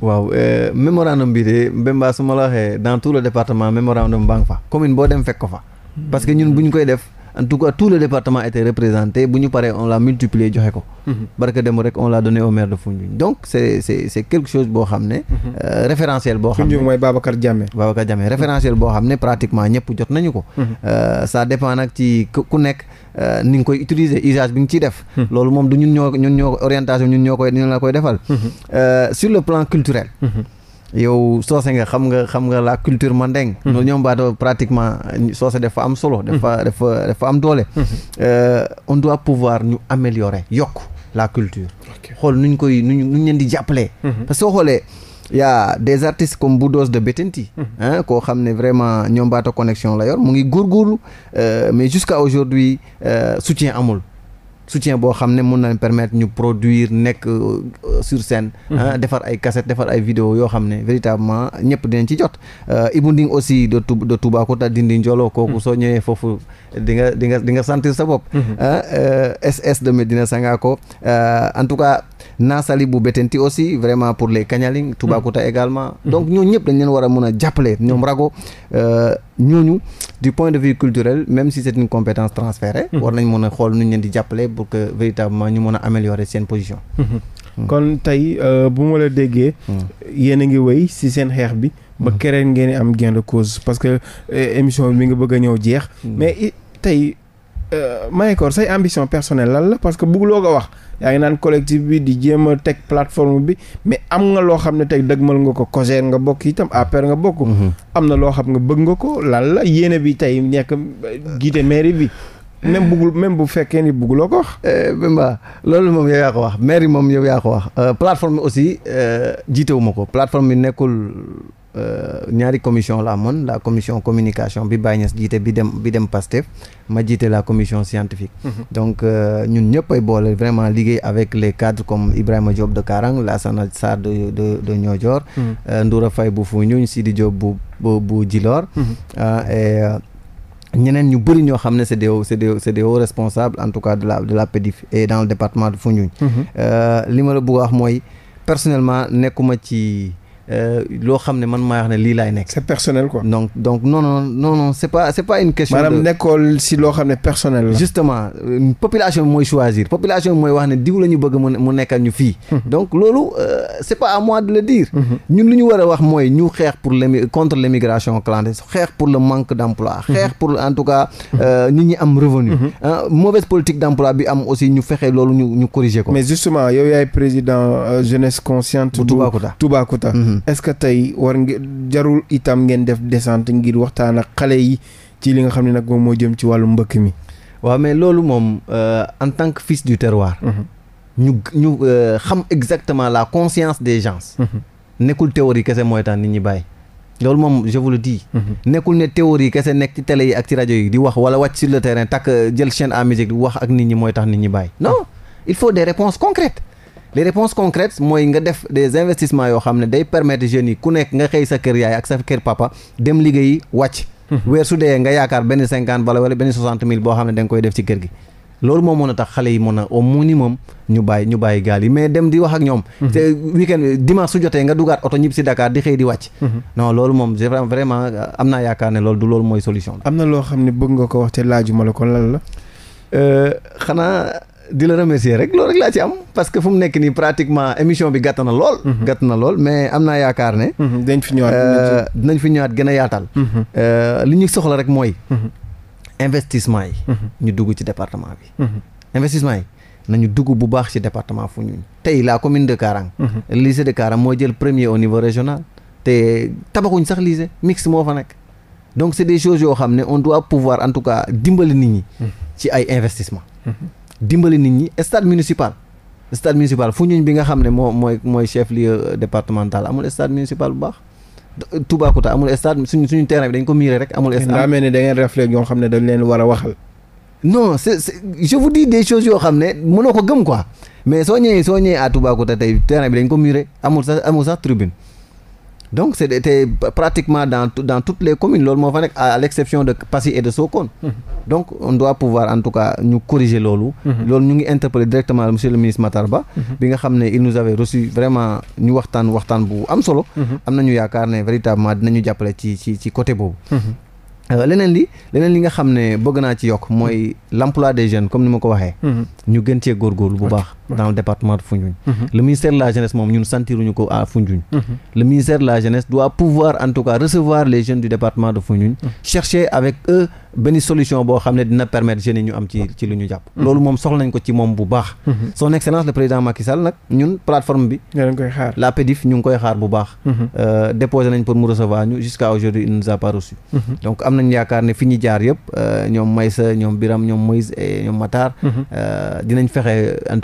waaw euh, mémorandum bi de Mbemba su ma la waxee dans tout le département mémorandum baa ngi fa commune boo dem fekk ko fa parce que ñun bu ñu koy def en tout cas tout le département était représenté bu ñu paree on l'a multiplié joxe ko. Mhm. barke dem rek on l'a donné au maire de Foundiougne donc c' est quelque chose boo xam ne. référentiel boo xam ne pratiquement ñëpp jot nañu ko. Mhm. Euh, ça dépend nag ci ku nekk euh, ni koy utiliser usage bi nga ciy def. Mhm. loolu moom du ñun ñoo orientation ñun ñoo koy defal. Euh, sur le plan culturel. yow soose nga xam nga xam nga la culture mandeng hmm. loolu ñoom baata pratiquement soose dafa am solo hmm. dafa dafa dafa am doole hmm. euh, on doit pouvoir ñu améliorer yokk la culture xool nuñ koy nu nuñ leen di jàppalee parce que soo a des artistes comme Boudos de Betenti ah koo xam ne vraiment ñoom baata connexion la yor mu ngi góorgóorlu euh, mais jusqu'à aujourd'hui euh, soutien amul soutien boo xam ne mun nañ permettre ñu produire nekk euh, sur scène mhm. ah, defar ay cassette defar ay vidéo yoo xam ne véritablement ñëpp dinañ ci jot euh, Ibou Nding aussi de de Toubacouta Dindi Ndiolo kooku mhm. soo ñëwee foofu di nga di nga di nga sa bopp SS mhm. ah, euh, de Medina Sangako en tout cas Nassali bu Betenti aussi vraiment pour les Kagnaling Toubacouta mm. également mm-hmm. donc ñooñu ñëpp dañ leen war a mën a jàppale ñoom rago euh, ñooñu du point de vue culturel même si c'est une compétence transférée mm-hmm. war nañ mën a xool nu ñu leen di jàppale pour que véritablement ñu mën a améliorer seen position mm-hmm. mm. kon tey euh, bu ma la déggee mm. yéen a ngi wéy si seen xeex bi ba kereen ngeen am gain de cause parce que euh, émission bi nga bëgg a ñëw jeex mais tey Mayakor say ambition yaa ngi naan collectif bi di jéem a teg plateforme bi mais am nga loo xam ne tey dëgmal nga ko COJER nga bokk itam APR nga bokk. Mhm. am na loo xam nga bëgg nga ko lan la yéene bi tey nekk giite mairie bi. même buggul même bu fekkee ni bugguloo ko wax. Mbemba eh, loolu moom yow yaa ko wax mairie moom yow yaa ko wax euh, plateforme bi aussi euh, jiite wu ko plateforme bi nekkul. Euh, ñaari commission la amoon la commission communication bi Baye jiite bi dem bi dem Pastef ma jiite la commission scientifique mhm. donc euh, ñun ñëpp ay boole vraiment liggéey avec les cadres comme Ibrahima Diop de Karang Lassana Sarr de de de Niodior mhm. euh, Ndoura Faye bu Foundiougne Sidi Diop bu bu Djilor mhm. ñeneen ñu bëri ñoo xam ne c'est des c'est des c'est des hauts responsables en tout cas de la de la et dans le département de li ma la bëgg wax mooy personnellement nekkuma ci Euh, loo xam ne man maa wax ne lii laay nekk. c'est personnel quoi. donc donc non non non non c'est pas une question. maanaam nekkool si loo xam ne personnel la. justement population mooy choisir population mooy wax ne diw la ñu bëgg mu nekkal ñu fii. Hmm. donc loolu euh, c'est pas à moi de le dire. Hmm. ñun lu ñu war a wax mooy ñu xeex pour l'émi contre l'immigration clandestine xeex pour le manque d'emploi. Hmm. xeex pour en tout cas ñu euh, ñi am revenu. mauvaise politique d'emploi bi am aussi ñu fexe loolu ñu ñu corriger ko. mais justement yow yaay président jeunesse consciente. bu Toubacouta Toubacouta. est-ce que tey war ngeen jarul itam ngeen def descente ngir waxtaan ak xale yi ci li nga xam ne nag moom moo jëm ci wàllu mbëkk mi. waaw mais loolu moom euh, en tant que fils du terroir. Mhm. ñu ñu euh, xam exactement la conscience des gens. Mhm. nekkul théorie kese mooy tax nit ñi bàyyi. loolu moom je vous le dis. Mhm. nekkul ne théorie kese nekk ci télé yi ak ci rajo yi di wax wala wàcc si le terrain takk jël chaîne à musique wax ak nit ñi mooy tax nit ñi bàyyi. non il faut des réponses concrètes. les réponses concrètes mooy nga def des investissements yoo xam ne day permettre jeunes yi ku nekk nga xëy sa kër yaay ak sa kër papa dem liggéeyi wàcc. Mhm. weer su dee nga yaakaar benn cinquante bala wala benn soixante mil boo xam ne da nga koy def ci kër gi. loolu moom mën a tax xale yi mën a au minimum ñu bàyyi ñu bàyyi gaal yi mais dem di wax ak ñoom. Mhm. te weekend dimanche su jotee nga dugaat oto ñibbi si di xëy di wàcc. Mhm. non loolu moom vraiment euh, am naa yaakaar ne loolu du loolu mooy solution. am loo xam ne bëgg nga ko wax te laajuma di la remercier rek loolu rek laa ci am parce que fu mu nekk nii pratiquement émission bi gàtt na lool. Mhm. gàtt na lool mais am naa yaakaar ne. Mhm, dinañ fi ñëwaat euh, dinañ fi a yaatal. Mhm. Euh, li ñu soxla rek mooy. investissement yi. ñu dugg ci département bi. investissement yi nañu dugg bu baax ci département Foundiougne. tey la commune de Karang. lycée de Karang moo jël premier au niveau régional. te tabaxuñ sax lycée mixte moo fa nekk. donc c'est des choses yoo xam ne on doit pouvoir en tout cas dimbali nit ñi. ci ay investissement dimbali nit ñi stade municipal stade municipal Foundiougne bi nga xam ne moo mooy mooy chef lieu euh, départemental amul stade municipal bu baax Toubacouta amul stade suñu suñu terrain bi dañ ko miiree rek amul stade mel ni da ngeen reflet xam ne dañ leen war a waxal non c'est je vous dis yoo xam ne mënoo ko gëm quoi mais soo ñëwee soo ñëwee à Toubacouta tey terrain bi dañ ko miiree amul sax amul sax tribune donc c' était pratiquement dans dans toutes les communes loolu moo fa nekk à l' exception de Passy et de Sokone. Mhm. donc on pouvoir en tout cas ñu corriger loolu. Mhm. loolu ñu ngi interpeller directement monsieur le ministre Matar Ba. Mhm. bi nga xam ne il nous avait reçu vraiment ñu waxtaan waxtaan bu am solo. am nañu yaakaar ne véritablement dinañu jàppale ci ci ci côté boobu. Euh, leneen li leneen li nga xam ne bëgg naa ci yokk mooy l' emploi des comme ni dans le département de Foundiougne mhm. le ministère de la jeunesse moom ñun sentiruñu ko à Foundiougne mhm. le ministère de la jeunesse doit pouvoir en tout cas recevoir les jeunes du département de Foundiougne mhm. chercher avec eux benn solution boo xam ne dina permettre jeunes yi ñu am ci lu ñu jàpp loolu moom soxla nañ ko ci moom bu baax son excellence le président Macky nag ñun plateforme bi la PEDIF ñu ngi koy xaar bu baax euh, déposé nañ pour mu recevoir ñu jusqu'à aujourd'hui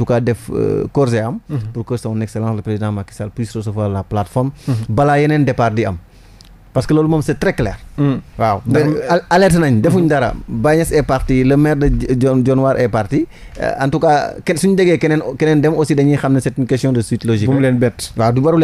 il a def euh, corps am. Mhm. pour que son excellence le président Macky Sall puisse la plateforme. Mhm. balaa yeneen départ di am. parce que loolu moom c'est très clair. Mhm. waaw alerte nañ defuñ dara. Bagnès est parti le maire de John John War euh, en tout cas kenn suñu keneen keneen dem aussi dañuy xam ne c'est de suite logique. bu mu leen bett waaw du waru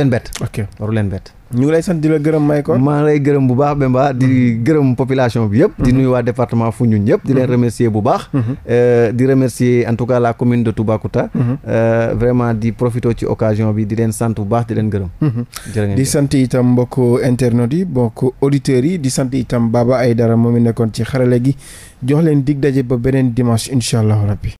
bett. ñu ngi lay sant di la gërëm may kon maa lay gërëm bu baax Bemba di mhm. gërëm population bi yëpp di mhm. nuy waa département Foundiougne yëpp di leen mhm. remercier bu baax euh, di remercier en tout cas la commune de Toubacouta euh, vraiment di profito ci occasion bi di leen sant bu baax di leen gërëm di sant itam mbokk internet yi mbokk auditeurs yi di sant itam ay dara moom mi nekkoon ci xarale gi jox leen dig daje ba beneen dimanche incha allahu rabbi